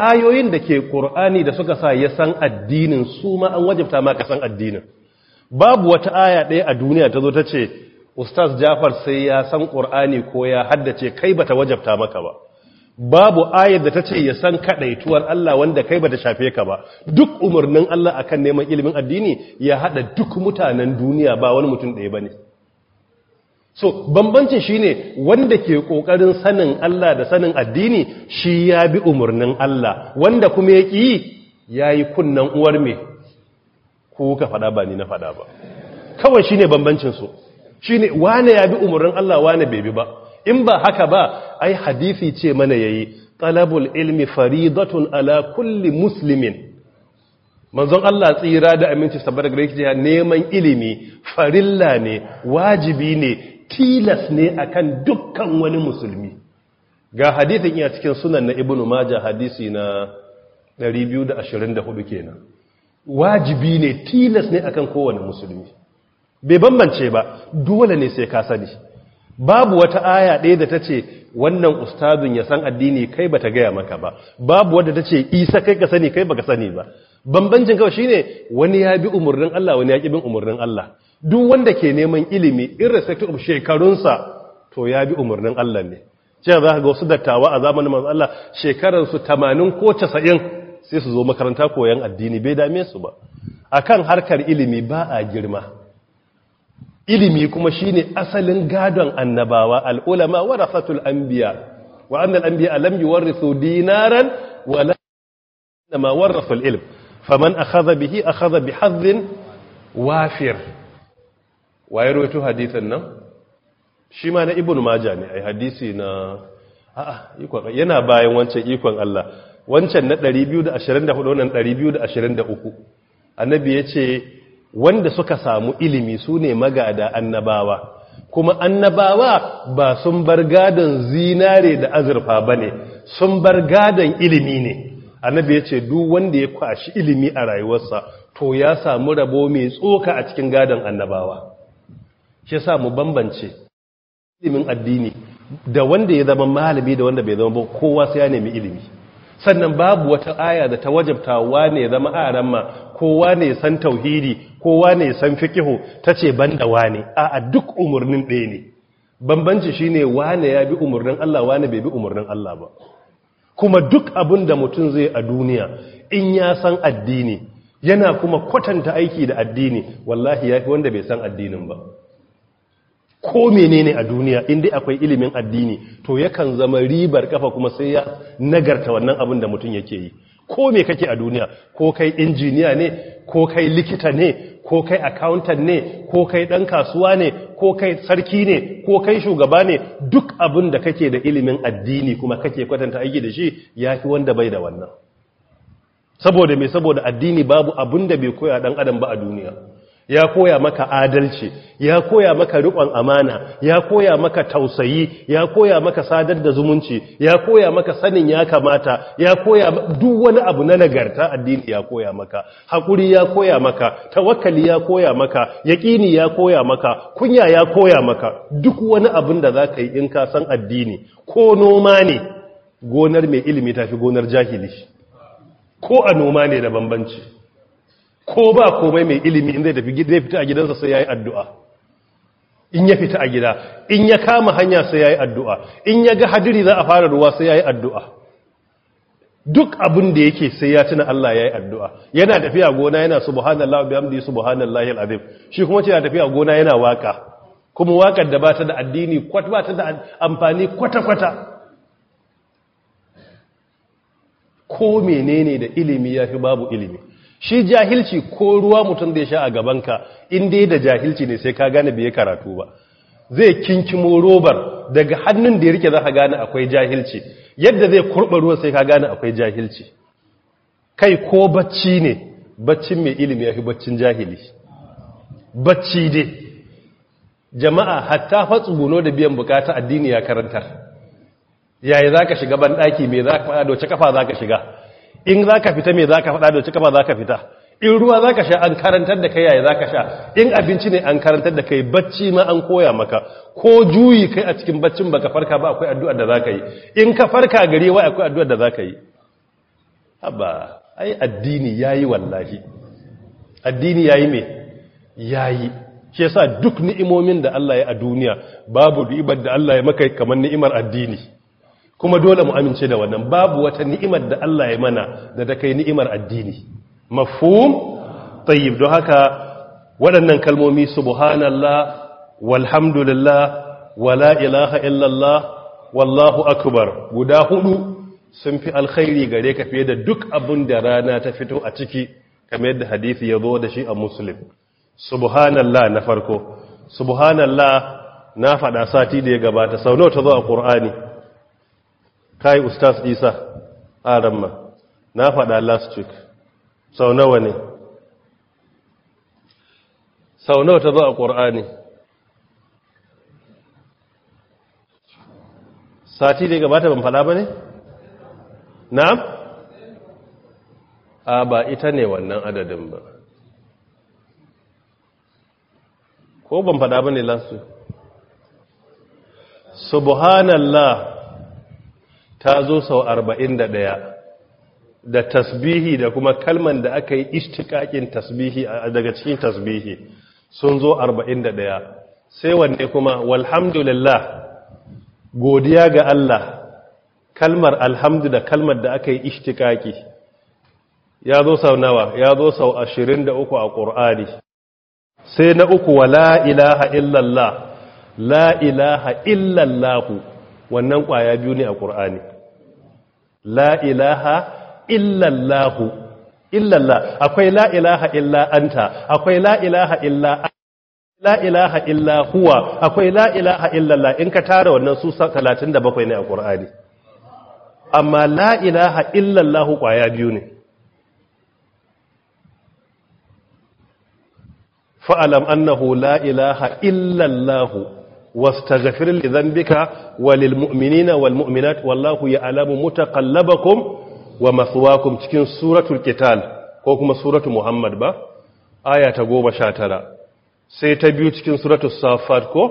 ayoyin da ke qur'ani da suka sa ya san addinin su ma an wajibta ma ka san addinin babu wata aya ɗaya a duniya tazo zo ta ce ustaz jafar sai ya san ƙur'ani ko ya haddace kai bata wajabta maka ba babu ayar da ta ce ya san kaɗaituwar Allah wanda kai bata shafe ka ba duk umarnin Allah akan neman ilimin addini ya haɗa duk mutanen duniya ba wani mutum ɗaya bane so bambancin shine wanda ke kokarin sanin Allah da sanin addini shi ya bi umurnin Allah wanda kuma ya ki yi kunnan uwar me ko ka fada ba ni na fada ba kawai shine bambancin su shine wane ya bi umurnin Allah wane bai bi ba in ba haka ba ai hadisi ce mana ya yi talabul ilmi faridatun ala kulli muslimin manzon Allah tsira da aminci sabar gare neman ilimi farilla ne wajibi ne tilas ne akan dukkan wani musulmi ga hadithin iya cikin sunan na ibnu majah hadisi na 224 kenan wajibi ne tilas ne akan kowane musulmi bai bambance ba dole ne sai ka sani babu wata aya ɗaya da ta ce wannan ustazun ya san addini kai ba ta gaya maka ba babu wadda ta ce isa kai ka sani kai ba ka sani ba bambancin kawai shine wani ya bi umarnin Allah wani ya ƙi bin umarnin Allah duk wanda ke neman ilimi irrespective of shekarunsa to ya bi umarnin Allah ne cewa za ka ga wasu dattawa a zamanin manzo Allah shekararsu 80 ko casa'in sai su zo makaranta koyon addini bai dame su ba akan harkar ilimi ba a girma ilimi kuma shine asalin gadon annabawa al-ulama warasatul anbiya wa annal anbiya lam yuwarrisu dinaran wala ma warrasa al-ilm faman akhadha bihi akhadha bi wafir waye rawaito hadisin nan shi ma na ibnu maja ne ai hadisi na a'a ikon yana bayan wancan ikon Allah wancan na 224 wannan 223 annabi yace wanda suka samu ilimi sune magada annabawa kuma annabawa ba sun bar gadon zinare da azurfa bane sun bar gadon ilimi ne annabi yace duk wanda ya kwashi ilimi a rayuwarsa to ya samu rabo mai tsoka a cikin gadon annabawa shi sa mu bambance ilimin addini da wanda ya zama malami da wanda bai zama ba kowa sai ya nemi ilimi sannan babu wata aya da ta wajabta wane ya zama aran ma kowa ne san tauhidi kowa ne san fikihu tace banda wane a duk umurnin ɗaya ne bambanci shine wane ya bi umurnin Allah wane bai bi umurnin Allah ba kuma duk abin da mutum zai a duniya in ya san addini yana kuma kwatanta aiki da addini wallahi yafi wanda bai san addinin ba ko menene a duniya inda akwai ilimin addini to yakan zama ribar kafa kuma sai ya nagarta wannan abin da mutum yake yi ko me kake a duniya ko kai injiniya ne ko kai likita ne ko kai accountant ne ko kai dan kasuwa ne ko kai sarki ne ko kai shugaba ne duk abin da kake da ilimin addini kuma kake kwatanta aiki da shi yafi wanda bai da wannan saboda me saboda addini babu abin da bai koya dan adam ba a duniya ya koya maka adalci ya koya maka riƙon amana ya koya maka tausayi ya koya maka sadar da zumunci ya koya maka sanin ya kamata ya koya duk wani abu na nagarta addini ya koya maka Hakuri ya koya maka tawakkali ya koya maka yaƙini ya koya maka kunya ya koya maka duk wani abin da za ka yi in ka san addini ko noma ne gonar mai ilimi tafi gonar jahili ko a noma ne da bambanci ko ba komai mai ilimi in ya fita a gidansa sai yi addu'a in ya fita a gida in ya kama hanya sai ya yi addu'a in ya ga hadiri za a fara ruwa sai ya yi addu'a duk abin da yake sai ya tuna Allah ya yi addu'a yana tafiya gona yana subhanallahi bihamdihi shi kuma ce yana tafiya gona yana waka kuma wakar da bata da addini da amfani kwata kwata ko menene da ilimi ya fi babu ilimi shi jahilci ko ruwa mutum da ya sha a gabanka inda yi da jahilci ne sai ka gane bai karatu ba zai kinkimo robar daga hannun da ya rike za ka gane akwai jahilci yadda zai kurɓa ruwa sai ka gane akwai jahilci kai ko bacci ne bacci mai ilimi ya fi baccin jahili bacci dai jama'a hatta fatsuguno da biyan bukata addini ya karantar yaya za ka shiga banɗaki mai za ka faɗa da wace kafa za ka shiga in za ka fita mai za ka fada da cika ba za ka fita in ruwa za ka sha an karantar da kai yaya za ka sha in abinci ne an karantar da kai bacci ma an koya maka ko juyi kai a cikin baccin ba ka farka ba akwai addu'ar da za ka yi in ka farka gari wa akwai addu'ar da za ka yi haba ai addini ya yi wallahi addini ya mai me yi. shi yasa duk ni'imomin da Allah ya a duniya babu ribar da Allah ya maka kamar ni'imar addini kuma dole mu amince da wannan babu wata ni'imar da Allah ya mana da ta kai ni'imar addini mafhum tayyib don haka waɗannan kalmomi subhanallah walhamdulillah wala ilaha illallah wallahu akbar guda hudu sun fi alkhairi gare ka fiye da duk abun da rana ta fito a ciki kamar yadda hadisi ya zo da shi a muslim subhanallah na farko subhanallah na faɗa sati da ya gabata sau nawa ta zo a ƙur'ani kai ustaz isa aramma na faɗa last week sau nawa ne sau nawa ta zo a ƙor'ani sati da gabata ban faɗa ba ne? na'am? a ba ita ne wannan adadin ba ko ban faɗa ba ne last week subhanallah ta zo sau arba'in da ɗaya da tasbihi da kuma kalman da aka yi ishtikakin tasbihi daga cikin tasbihi sun zo arba'in da ɗaya sai wanne kuma walhamdulillah godiya ga Allah kalmar alhamdu da kalmar da aka yi ishtikaki ya zo sau nawa ya zo sau ashirin da uku a ƙur'ani sai na uku wa la ilaha illallah la illallahu wannan ƙwaya biyu ne a ƙur'ani la ilaha illallahu illallah akwai la ilaha illa anta akwai la ilaha illa la ilaha illa huwa akwai la ilaha illallah in ka tara wannan su 37 ne a Qur'ani amma la ilaha illallah kwaya biyu ne fa'alam annahu la ilaha illallah واستغفر لذنبك وللمؤمنين والمؤمنات والله يعلم متقلبكم ومثواكم cikin suratul qital ko kuma suratul muhammad ba aya ta 19 sai ta biyu cikin suratul safat ko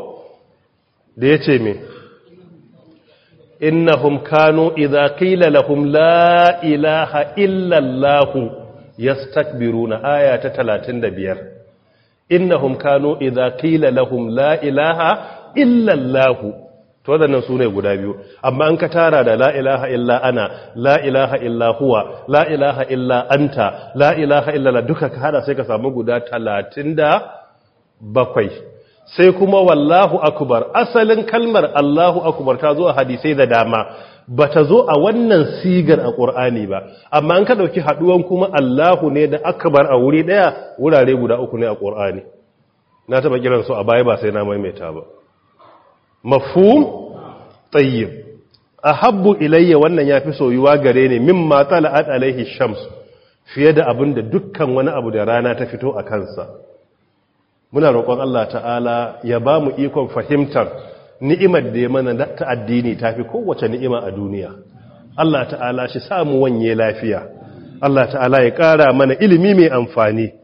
da yace me innahum kanu idza qila lahum la ilaha illa allah yastakbiruna aya ta 35 innahum kanu idza qila lahum la ilaha illallahu to wadannan ne guda biyu amma an ka tara da la ilaha illa ana la ilaha illa huwa la ilaha illa anta la ilaha illa la duka ka hada sai ka samu guda talatin da bakwai. sai kuma wallahu akbar asalin kalmar Allahu akbar ta zo a hadisai da dama ba ta zo a wannan sigar a ƙur'ani ba amma an ka ɗauki haɗuwan kuma allahu ne da akbar a wuri ɗaya wurare guda uku ne a ƙur'ani na taɓa kiransu a baya ba sai na maimaita ba mafhum a ahabbu ilayya wannan ya fi soyuwa gare min mata tala'at alaihi shams fiye da abin da dukkan wani abu da rana ta fito a kansa muna roƙon Allah ta'ala ya ba mu ikon fahimtar ni'imar da ya mana ta addini ta fi kowace ni'ima a duniya Allah ta'ala shi samu wanye lafiya Allah ta'ala ya ƙara mana ilimi mai amfani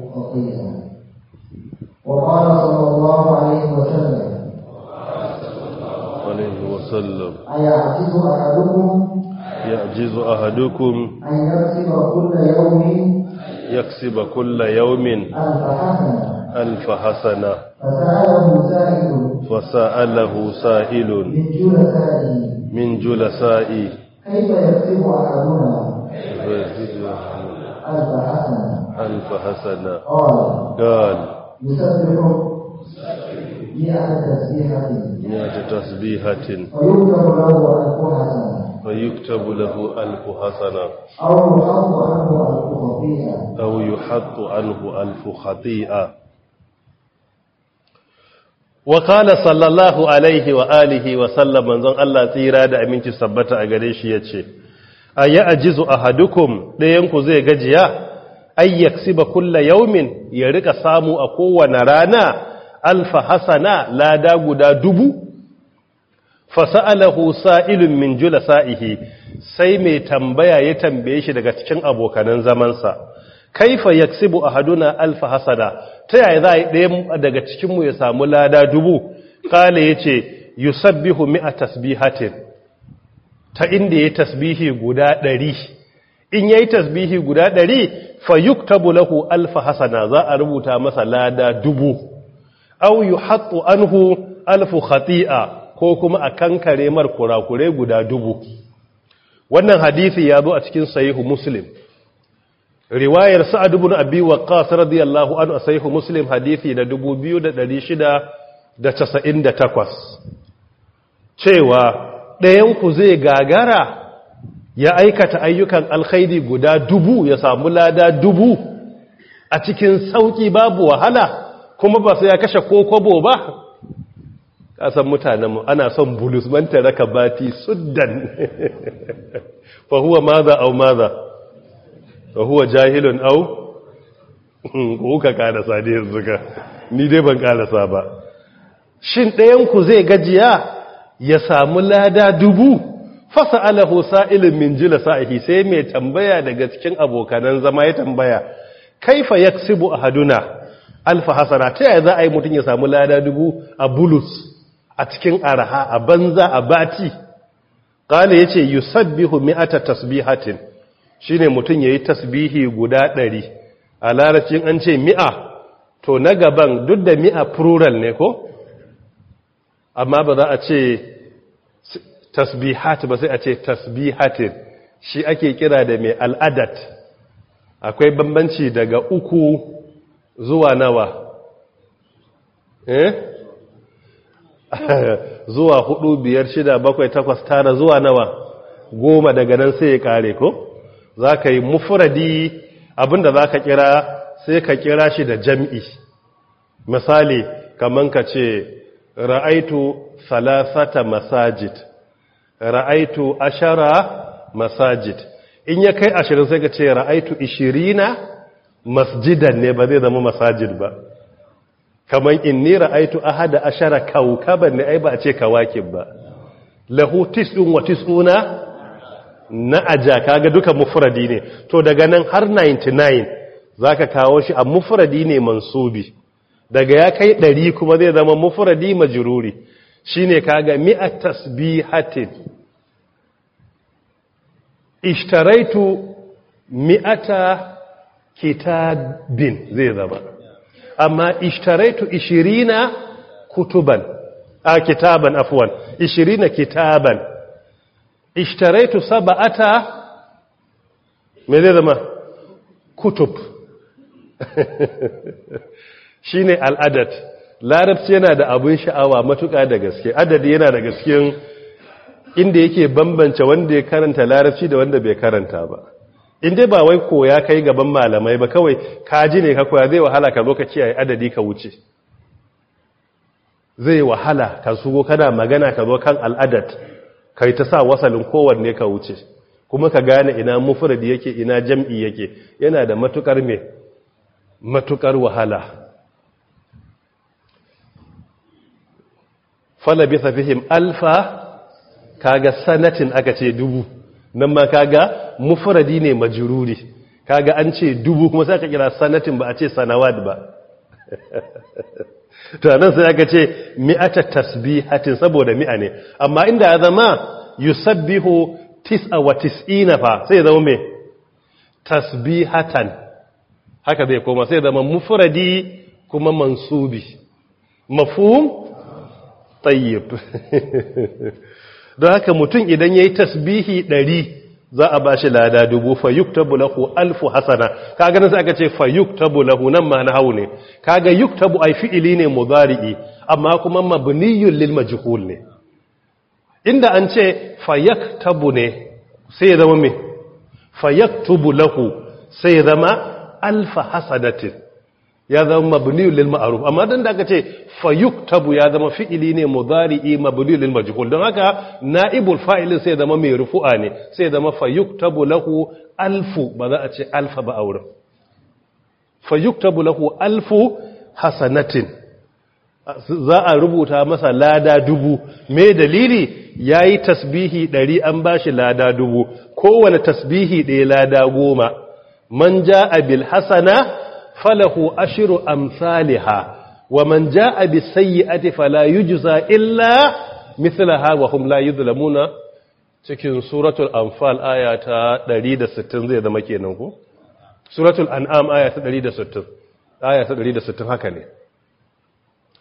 وقيلا وقال صلى الله عليه وسلم عليه وسلم أيعجز أحدكم يعجز أحدكم أن يكسب كل يوم يكسب كل يوم ألف حسنة ألف حسنة فسأله سائل فسأله سائل من جلسائي من جلسائي كيف يكسب أحدنا ألف حسنة ألف حسنة قال يسبح مئة تسبيحة فيكتب له ألف حسنة أو يحط عنه ألف خطيئة وقال صلى الله عليه وآله وسلم من ذن الله تيرا دا أمين تثبت أغريش يتشي أيأجز أحدكم لينكو زي قجيا ay yaksiba kulla yaumin ya rika samu a kowane rana alfa hasana lada guda dubu fasa'alahu sa'ilun min julasa'ihi sai mai tambaya ya tambaye shi daga cikin abokanan zamansa kaifa yaksibu ahaduna alfa hasana ta yaya za a ɗaya daga cikinmu ya samu lada dubu kale ya ce yusabbihu mi'a tasbihatin ta inda ya tasbihi guda ɗari in yayi tasbihi guda ɗari fa yuktabu lahu alfa hasana za a rubuta masa lada dubu aw yuhattu anhu alfu khati'a ko kuma a kankare mar kurakure guda dubu wannan hadisi ya zo a cikin sahihu muslim riwayar sa'ad ibn abi waqqas radiyallahu anhu sahihu muslim hadisi da 2698 cewa ɗayan ku zai gagara ya aikata ayyukan alkhairi guda dubu ya samu lada dubu a cikin sauki babu wahala kuma ba sai ya kashe ko kwabo ba kasan mutanenmu ana son bulus man raka bati suddan fa huwa madha aw madha fa huwa jahilun aw kuka kada sade yanzu ka ni dai ban karasa ba shin ku zai gajiya ya samu lada dubu fasa alahu sa'ilin min jila sa'ihi sai mai tambaya daga cikin abokanan zama ya tambaya kaifa ya sibu a haduna alfa hasana ta yaya za a yi mutum ya samu lada dubu a bulus a cikin araha a banza a bati ƙala ya ce yusabbihu mi'ata tasbihatin shi ne mutum ya yi tasbihi guda ɗari a laracin an ce mi'a to na gaban duk da mi'a plural ne ko amma ba za a ce tasbihat ba sai a ce tasbihatin shi ake kira da mai al'adat akwai bambanci daga uku zuwa nawa eh? zuwa hudu biyar shida bakwai takwas tara zuwa nawa goma daga nan sai ya kare ko za ka yi mufuradi abinda za ka kira sai ka kira shi da jam'i misali kamar ka ce ra'aitu salasata masajid ra'aitu ashara masajid in ya kai ashirin sai ka ce ra'aitu ishirina masjidan ne ba zai zama masajid ba kamar in ni ra'aitu ahada ashara kaukaban ne ai ba a ce kawakin ba lahu tis'un wa tis'una na aja kaga duka mufradi ne to daga nan har 99 zaka kawo shi a mufradi ne mansubi daga ya kai 100 kuma zai zama mufradi majruri shine kaga mi'at tasbihatin ishtaraitu mi'ata kitabin zai zama amma ishtaraitu 20 kutuban a kitaban afwan 20 kitaban ishtaraitu sab'ata me zai zama kutub shine al'adat larabci yana da abin sha'awa matuƙa da gaske adadi yana da gaske inda yake bambance wanda ya karanta larabci da wanda bai karanta ba in dai ba wai koya kai gaban malamai ba kawai kaji ne ka koya zai wahala ka zo ka kiyaye adadi ka wuce zai wahala ka sugo kana magana ka zo kan al'adat yi ta sa wasalin kowanne ka wuce kuma ka gane ina mufradi yake ina jam'i yake yana da matukar me matukar wahala falabitha fihim alfa kaga sanatin aka ce dubu nan ma kaga mufradi ne majruri kaga an ce dubu kuma sai aka kira sanatin ba a ce sanawat ba to nan sai aka ce mi'ata tasbihatin saboda mi'a ne amma inda ya zama yusabbihu tis'a wa tis'ina fa sai zama me tasbihatan haka zai koma sai zama mufradi kuma mansubi mafhum tayyib don haka mutum idan ya yi tasbihi ɗari za a ba shi lada dubu fayuk tabu lahu alfu hasana ka ganin sai aka ce fayuk tabu lahu nan ma na hau ne ka ga yuk tabu ai fi'ili ne mu zari'i amma kuma mabniyun lil jihun ne inda an ce fayak tabu ne sai ya zama me fayak tubu lahu sai zama alfa hasanatin ya zama mabniyul lil ma'ruf amma dan da aka ce fayuktabu ya zama fi'ili ne mudari'i mabniyul lil majhul don haka naibul fa'ilin sai zama mai rufu'a ne sai zama fayuktabu lahu alfu ba za a ce alfa ba auren fayuktabu lahu alfu hasanatin za a rubuta masa lada dubu me dalili yayi tasbihi ɗari an bashi lada dubu kowane tasbihi ɗaya lada goma man ja'a bil hasana falahu ashiru amsaliha wa man jaa bis sayyi'ati fala yujza illa mithlaha wa hum la yuzlamuna cikin suratul anfal aya ta 160 zai zama kenan ko suratul an'am aya ta 160 aya ta 160 haka ne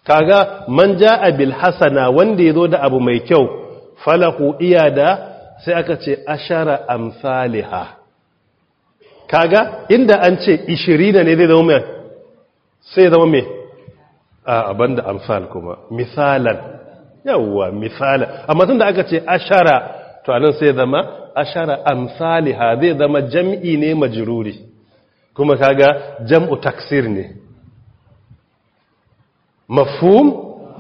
kaga man jaa bil hasana wanda yazo da abu mai kyau falahu iyada sai aka ce ashara amsaliha kaga inda an ce 20 ne zai zama mai sai zama mai a abanda amsal kuma misalan yawwa misalan amma tun da aka ce ashara to anan sai zama ashara amsaliha zai zama jam'i ne majruri kuma kaga jam'u taksir ne mafhum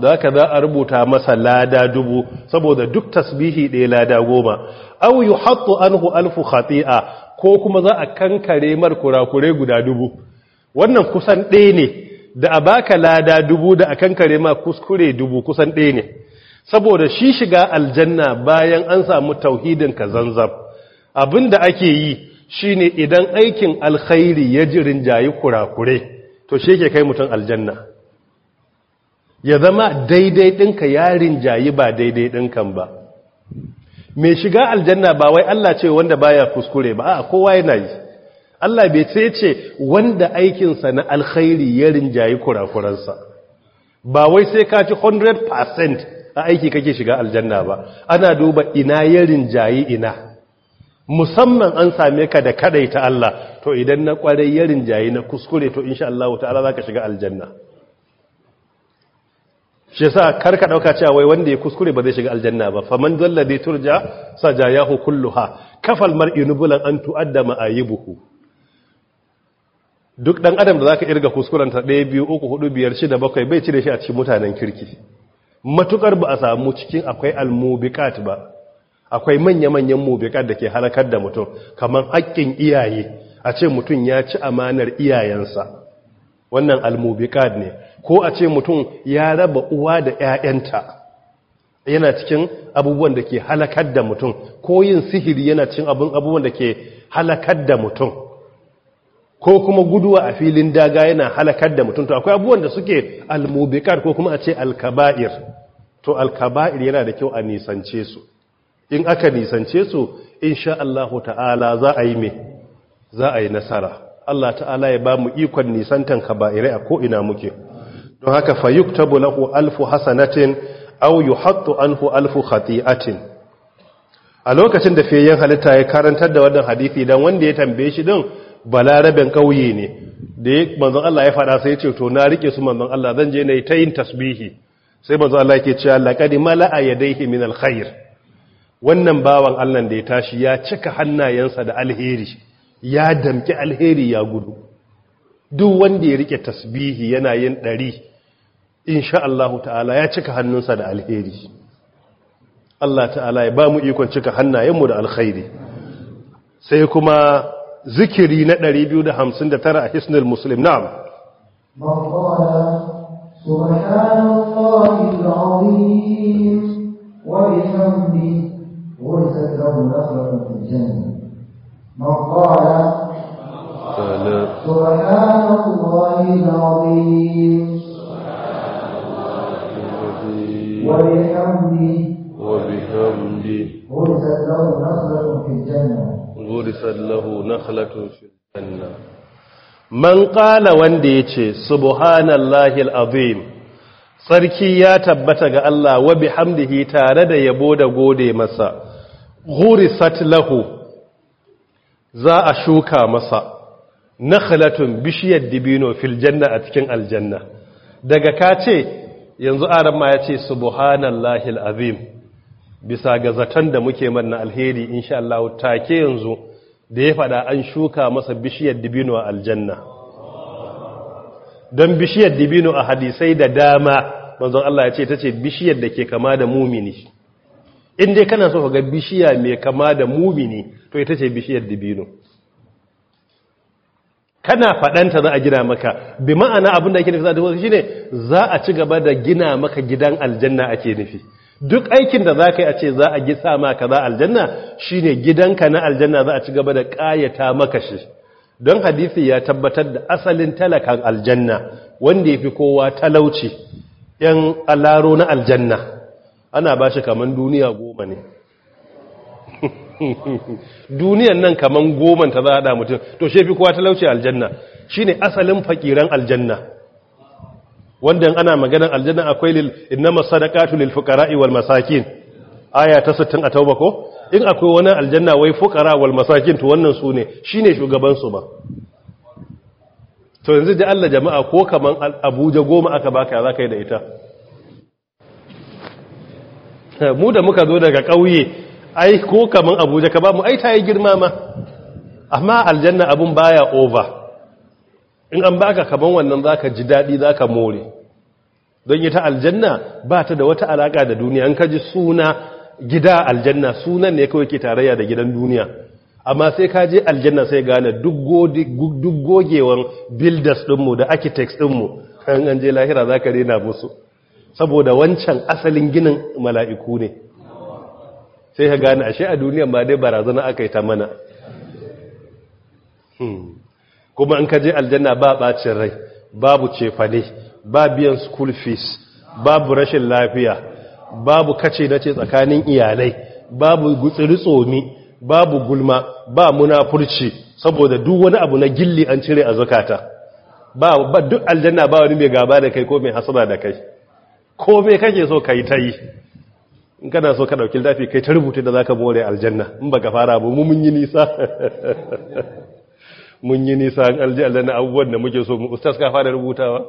da aka za a rubuta masa lada dubu saboda duk tasbihi ɗaya lada goma au yi anhu alfu khati'a ko kuma za a kankare mar kurakure guda dubu wannan kusan ɗaya ne da a baka lada dubu da a kankare ma kuskure dubu kusan ɗaya ne saboda shi shiga aljanna bayan an samu tauhidin ka zanzab abin da ake yi shine idan aikin alkhairi ya jirin jayi kurakure to shi ke kai mutum aljanna ya zama daidai ɗinka yarin jayi ba daidai ɗinkan ba mai shiga aljanna ba wai Allah ce wanda baya kuskure ba a kowa yana yi Allah bai ce ce wanda aikinsa na alkhairi ya rinjayi kurakuransa ba wai sai ka ci 100% a aiki kake shiga aljanna ba ana duba ina ya rinjayi ina musamman an same ka da ta Allah to idan na kwarai ya rinjayi na kuskure to insha Allah ta'ala zaka shiga aljanna shi sa karka dauka cewa wai wanda ya kuskure ba zai shiga aljanna ba faman da turja sajayahu kulluha kafal mar'i nubulan an tu'adda ma'ayibuhu duk dan adam da zaka irga kuskuren ta 1 2 3 4 5 6 7 bai cire shi a cikin mutanen kirki matukar ba a samu cikin akwai almubiqat ba akwai manya-manyan mubiqat da ke halakar da mutum kamar haƙƙin iyaye a ce mutum ya ci amanar iyayensa wannan almubiqat ne ko a ce mutum ya raba uwa da 'ya'yanta yana cikin abubuwan da ke halakar da mutum ko yin sihiri yana cikin abubuwan da ke halakar da mutum ko kuma guduwa a filin daga yana halakar da mutum to akwai abubuwan da suke almubikar ko kuma a ce alkaba'ir to alkaba'ir yana da kyau a nisance su in aka nisance su insha Allah ta'ala za a yi me za a yi nasara Allah ta'ala ya ba mu ikon nisantan kaba'irai a ko'ina muke don haka fayuk fayuktabu lahu alfu hasanatin aw an anhu alfu khati'atin a lokacin da fiyayyen halitta ya karantar da wannan hadisi don wanda ya tambaye shi din balarabin kauye ne da ya manzan Allah ya fada sai ce to na rike su manzon Allah zan je na yi ta yin tasbihi sai manzon Allah ke cewa ya mala'a yadayhi min alkhair wannan bawan Allah da ya tashi ya cika hannayensa da alheri ya damki alheri ya gudu duk wanda ya rike tasbihi yana yin ɗari insha Allah ta'ala ya cika hannunsa da alheri Allah ta'ala ya ba mu ikon cika hannayenmu da alkhairi sai kuma zikiri na 259 a hisnul muslim na'am subhanallahi alazim wa bihamdihi wa jannah من قال سبحان الله العظيم وبحمده وبحمده له نخلة في الجنة له نخلة في الجنة man ƙala wanda ya ce subhanallahil al'azim sarki ya tabbata ga Allah wa bihamdihi tare da yabo da gode masa ghurisat lahu za a shuka masa nakhlatun bishiyar dibino fil janna a cikin aljanna daga ka ce yanzu aran ma ya ce subhanallahi alazim bisa ga zaton da muke manna alheri insha Allah take yanzu da ya fada an shuka masa bishiyar dibino a aljanna don bishiyar dibino a hadisai da dama manzon Allah ya ce tace bishiyar da ke kama da mumini in dai kana so ka ga bishiya mai kama da mumini to ita ce bishiyar dibino kana faɗanta za a gina maka bi ma'ana abin da ake nufi za a ne. za a ci gaba da gina maka gidan aljanna ake nufi duk aikin da za ka yi a ce za a gisa maka za aljanna shine gidanka na aljanna za a ci gaba da ƙayata maka shi don hadisi ya tabbatar da asalin talakan aljanna wanda ya fi kowa talauci yan alaro na aljanna ana ba shi kamar duniya goma ne duniyan nan kaman goma ta za a da mutum to shefi kowa talauci aljanna Shi ne asalin fakiran aljanna wanda ana magana aljanna akwai lil innama sadaqatu lil fuqara'i wal masakin aya ta 60 a tauba ko in akwai wani aljanna wai fuqara wal masakin to wannan su ne shine shugaban su ba to yanzu da Allah jama'a ko kaman Abuja goma aka baka za ka yi da ita eh, mu da muka zo daga ƙauye ai ko kaman abuja ka ba mu ai ta yi girma ma amma aljanna abun baya over in an baka kaman wannan zaka ji dadi zaka more don ita aljanna ba ta da wata alaka da duniya an kaji suna gida aljanna sunan ne kawai ke tarayya da gidan duniya amma sai ka je aljanna sai gane duk gogewan builders dinmu da architects dinmu kan an je lahira zaka ka rena musu saboda wancan asalin ginin mala'iku ne sai ka gane ashe a duniya ma dai barazana aka yi ta mana hmm. kuma an kaje aljanna ba bacin rai babu cefane ba biyan school fees babu rashin lafiya babu kace na ce tsakanin iyalai babu gutsiri tsomi babu gulma ba munafurci saboda duk wani abu na gilli an cire a zakata ba duk aljanna ba wani mai gaba da kai ko mai hasada da kai ko mai kake so kai ta yi in kana so ka dauki littafi kai ta rubuta da zaka more aljanna in baka fara ba mu mun yi nisa mun yi nisa an alji aljanna abubuwan da muke so mu ustaz ka fara rubutawa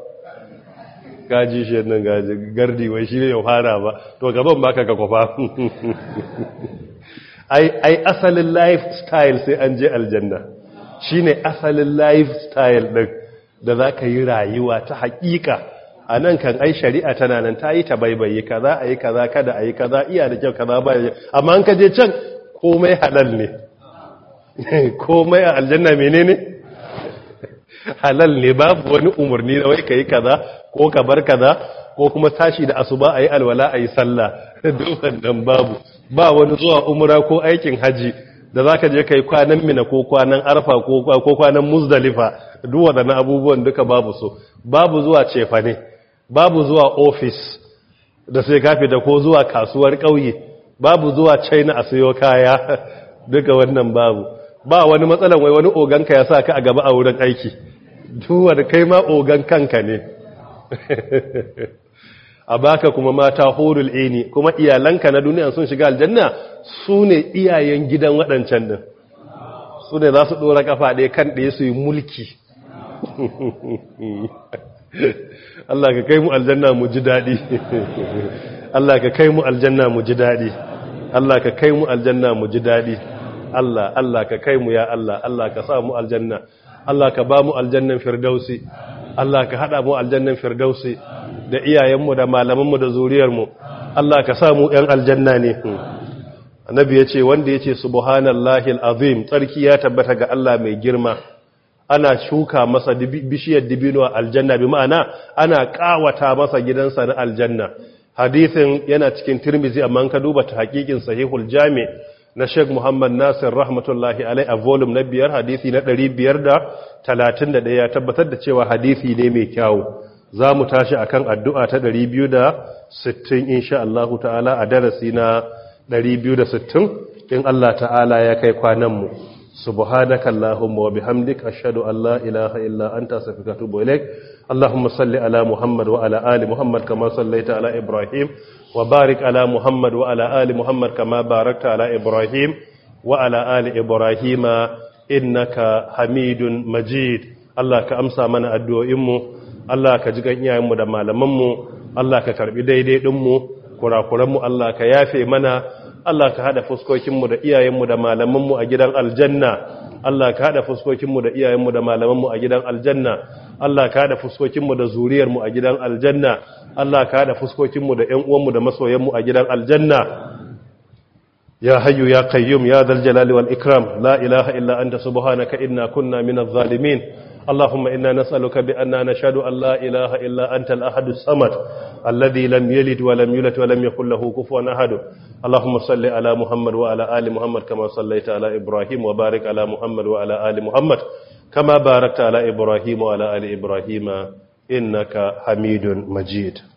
gaji shi yadda gaji gardi wai shi ya fara ba to gaban baka ka kwafa, ai ai asalin lifestyle sai an je aljanna shine asalin lifestyle din da zaka yi rayuwa ta haƙiƙa a nan kan ai shari'a tana nan ta yi ta baibaye za a yi kaza kada a yi kaza iya da kyau kaza ba amma an kaje can komai halal ne komai a aljanna menene halal ne babu wani umarni da wai ka yi kaza ko ka bar kaza ko kuma tashi da asuba a yi alwala a yi sallah duk wannan babu ba wani zuwa umra ko aikin haji da za ka je ka yi kwanan mina ko kwanan arfa ko kwanan muzdalifa duk waɗannan abubuwan duka babu so babu zuwa cefa ne babu zuwa ofis da sai kafi da ko zuwa kasuwar ƙauye babu zuwa china a sayo kaya duka wannan babu ba wani matsalan wai wani oganka ya sa ka a gaba a wurin aiki duwar kai ma ogan kanka ne a baka kuma mata horul eni. kuma iyalanka na duniya sun shiga aljanna su ne iyayen gidan waɗancan din su ne za su ɗora kafa ɗaya kan ɗaya su yi mulki Allah ka kai mu aljanna mu ji daɗi Allah ka kai mu aljanna mu ji daɗi Allah ka kai mu aljanna mu ji daɗi Allah Allah ka kai mu ya Allah Allah ka sa mu aljanna Allah ka ba mu aljannan firdausi Allah ka hada mu aljannan firdausi da iyayenmu da malamanmu da zuriyarmu Allah ka sa mu ɗan aljanna ne annabi yace wanda yace subhanallahi alazim tsarki ya tabbata ga Allah mai girma ana shuka masa bishiyar dibino a aljanna bi ma'ana ana kawata masa gidansa na aljanna hadithin yana cikin tirmizi amma ka duba ta hakikin sahihul jami na sheikh muhammad nasir rahmatullahi alai a volume na biyar hadithi na 531 ya tabbatar da cewa hadithi ne mai kyawu za mu tashi a kan addu'a ta 260 insha Allah ta'ala a darasi na 260 in Allah ta'ala ya kai kwanan mu سبحانك اللهم وبحمدك أشهد أن لا إله إلا أنت أستغفرك وأتوب إليك اللهم صل على محمد وعلى آل محمد كما صليت على إبراهيم وبارك على محمد وعلى آل محمد كما باركت على إبراهيم وعلى آل إبراهيم إنك حميد مجيد الله كأمسى من أدو إمه الله كجغن يا دمال ممو الله ككرب ديدي دمو كرا كرمو الله كيافي منا Allah ka haɗa fuskokinmu da iyayenmu da malamanmu a gidan aljanna Allah ka hada fuskokinmu da iyayenmu da malamanmu a gidan aljanna Allah ka haɗa fuskokinmu da zuriyarmu a gidan aljanna Allah ka haɗa fuskokinmu da ƴan uwanmu da masoyanmu a gidan aljanna ya hayyu ya qayyum ya dhal jalali wal ikram la ilaha illa anta subhanaka inna kunna minadh zalimin اللهم إنا نسألك بأننا نشهد أن لا إله إلا أنت الأحد الصمد الذي لم يلد ولم يولد ولم يكن له كفوا أحد اللهم صل على محمد وعلى آل محمد كما صليت على إبراهيم وبارك على محمد وعلى آل محمد كما باركت على إبراهيم وعلى آل إبراهيم إنك حميد مجيد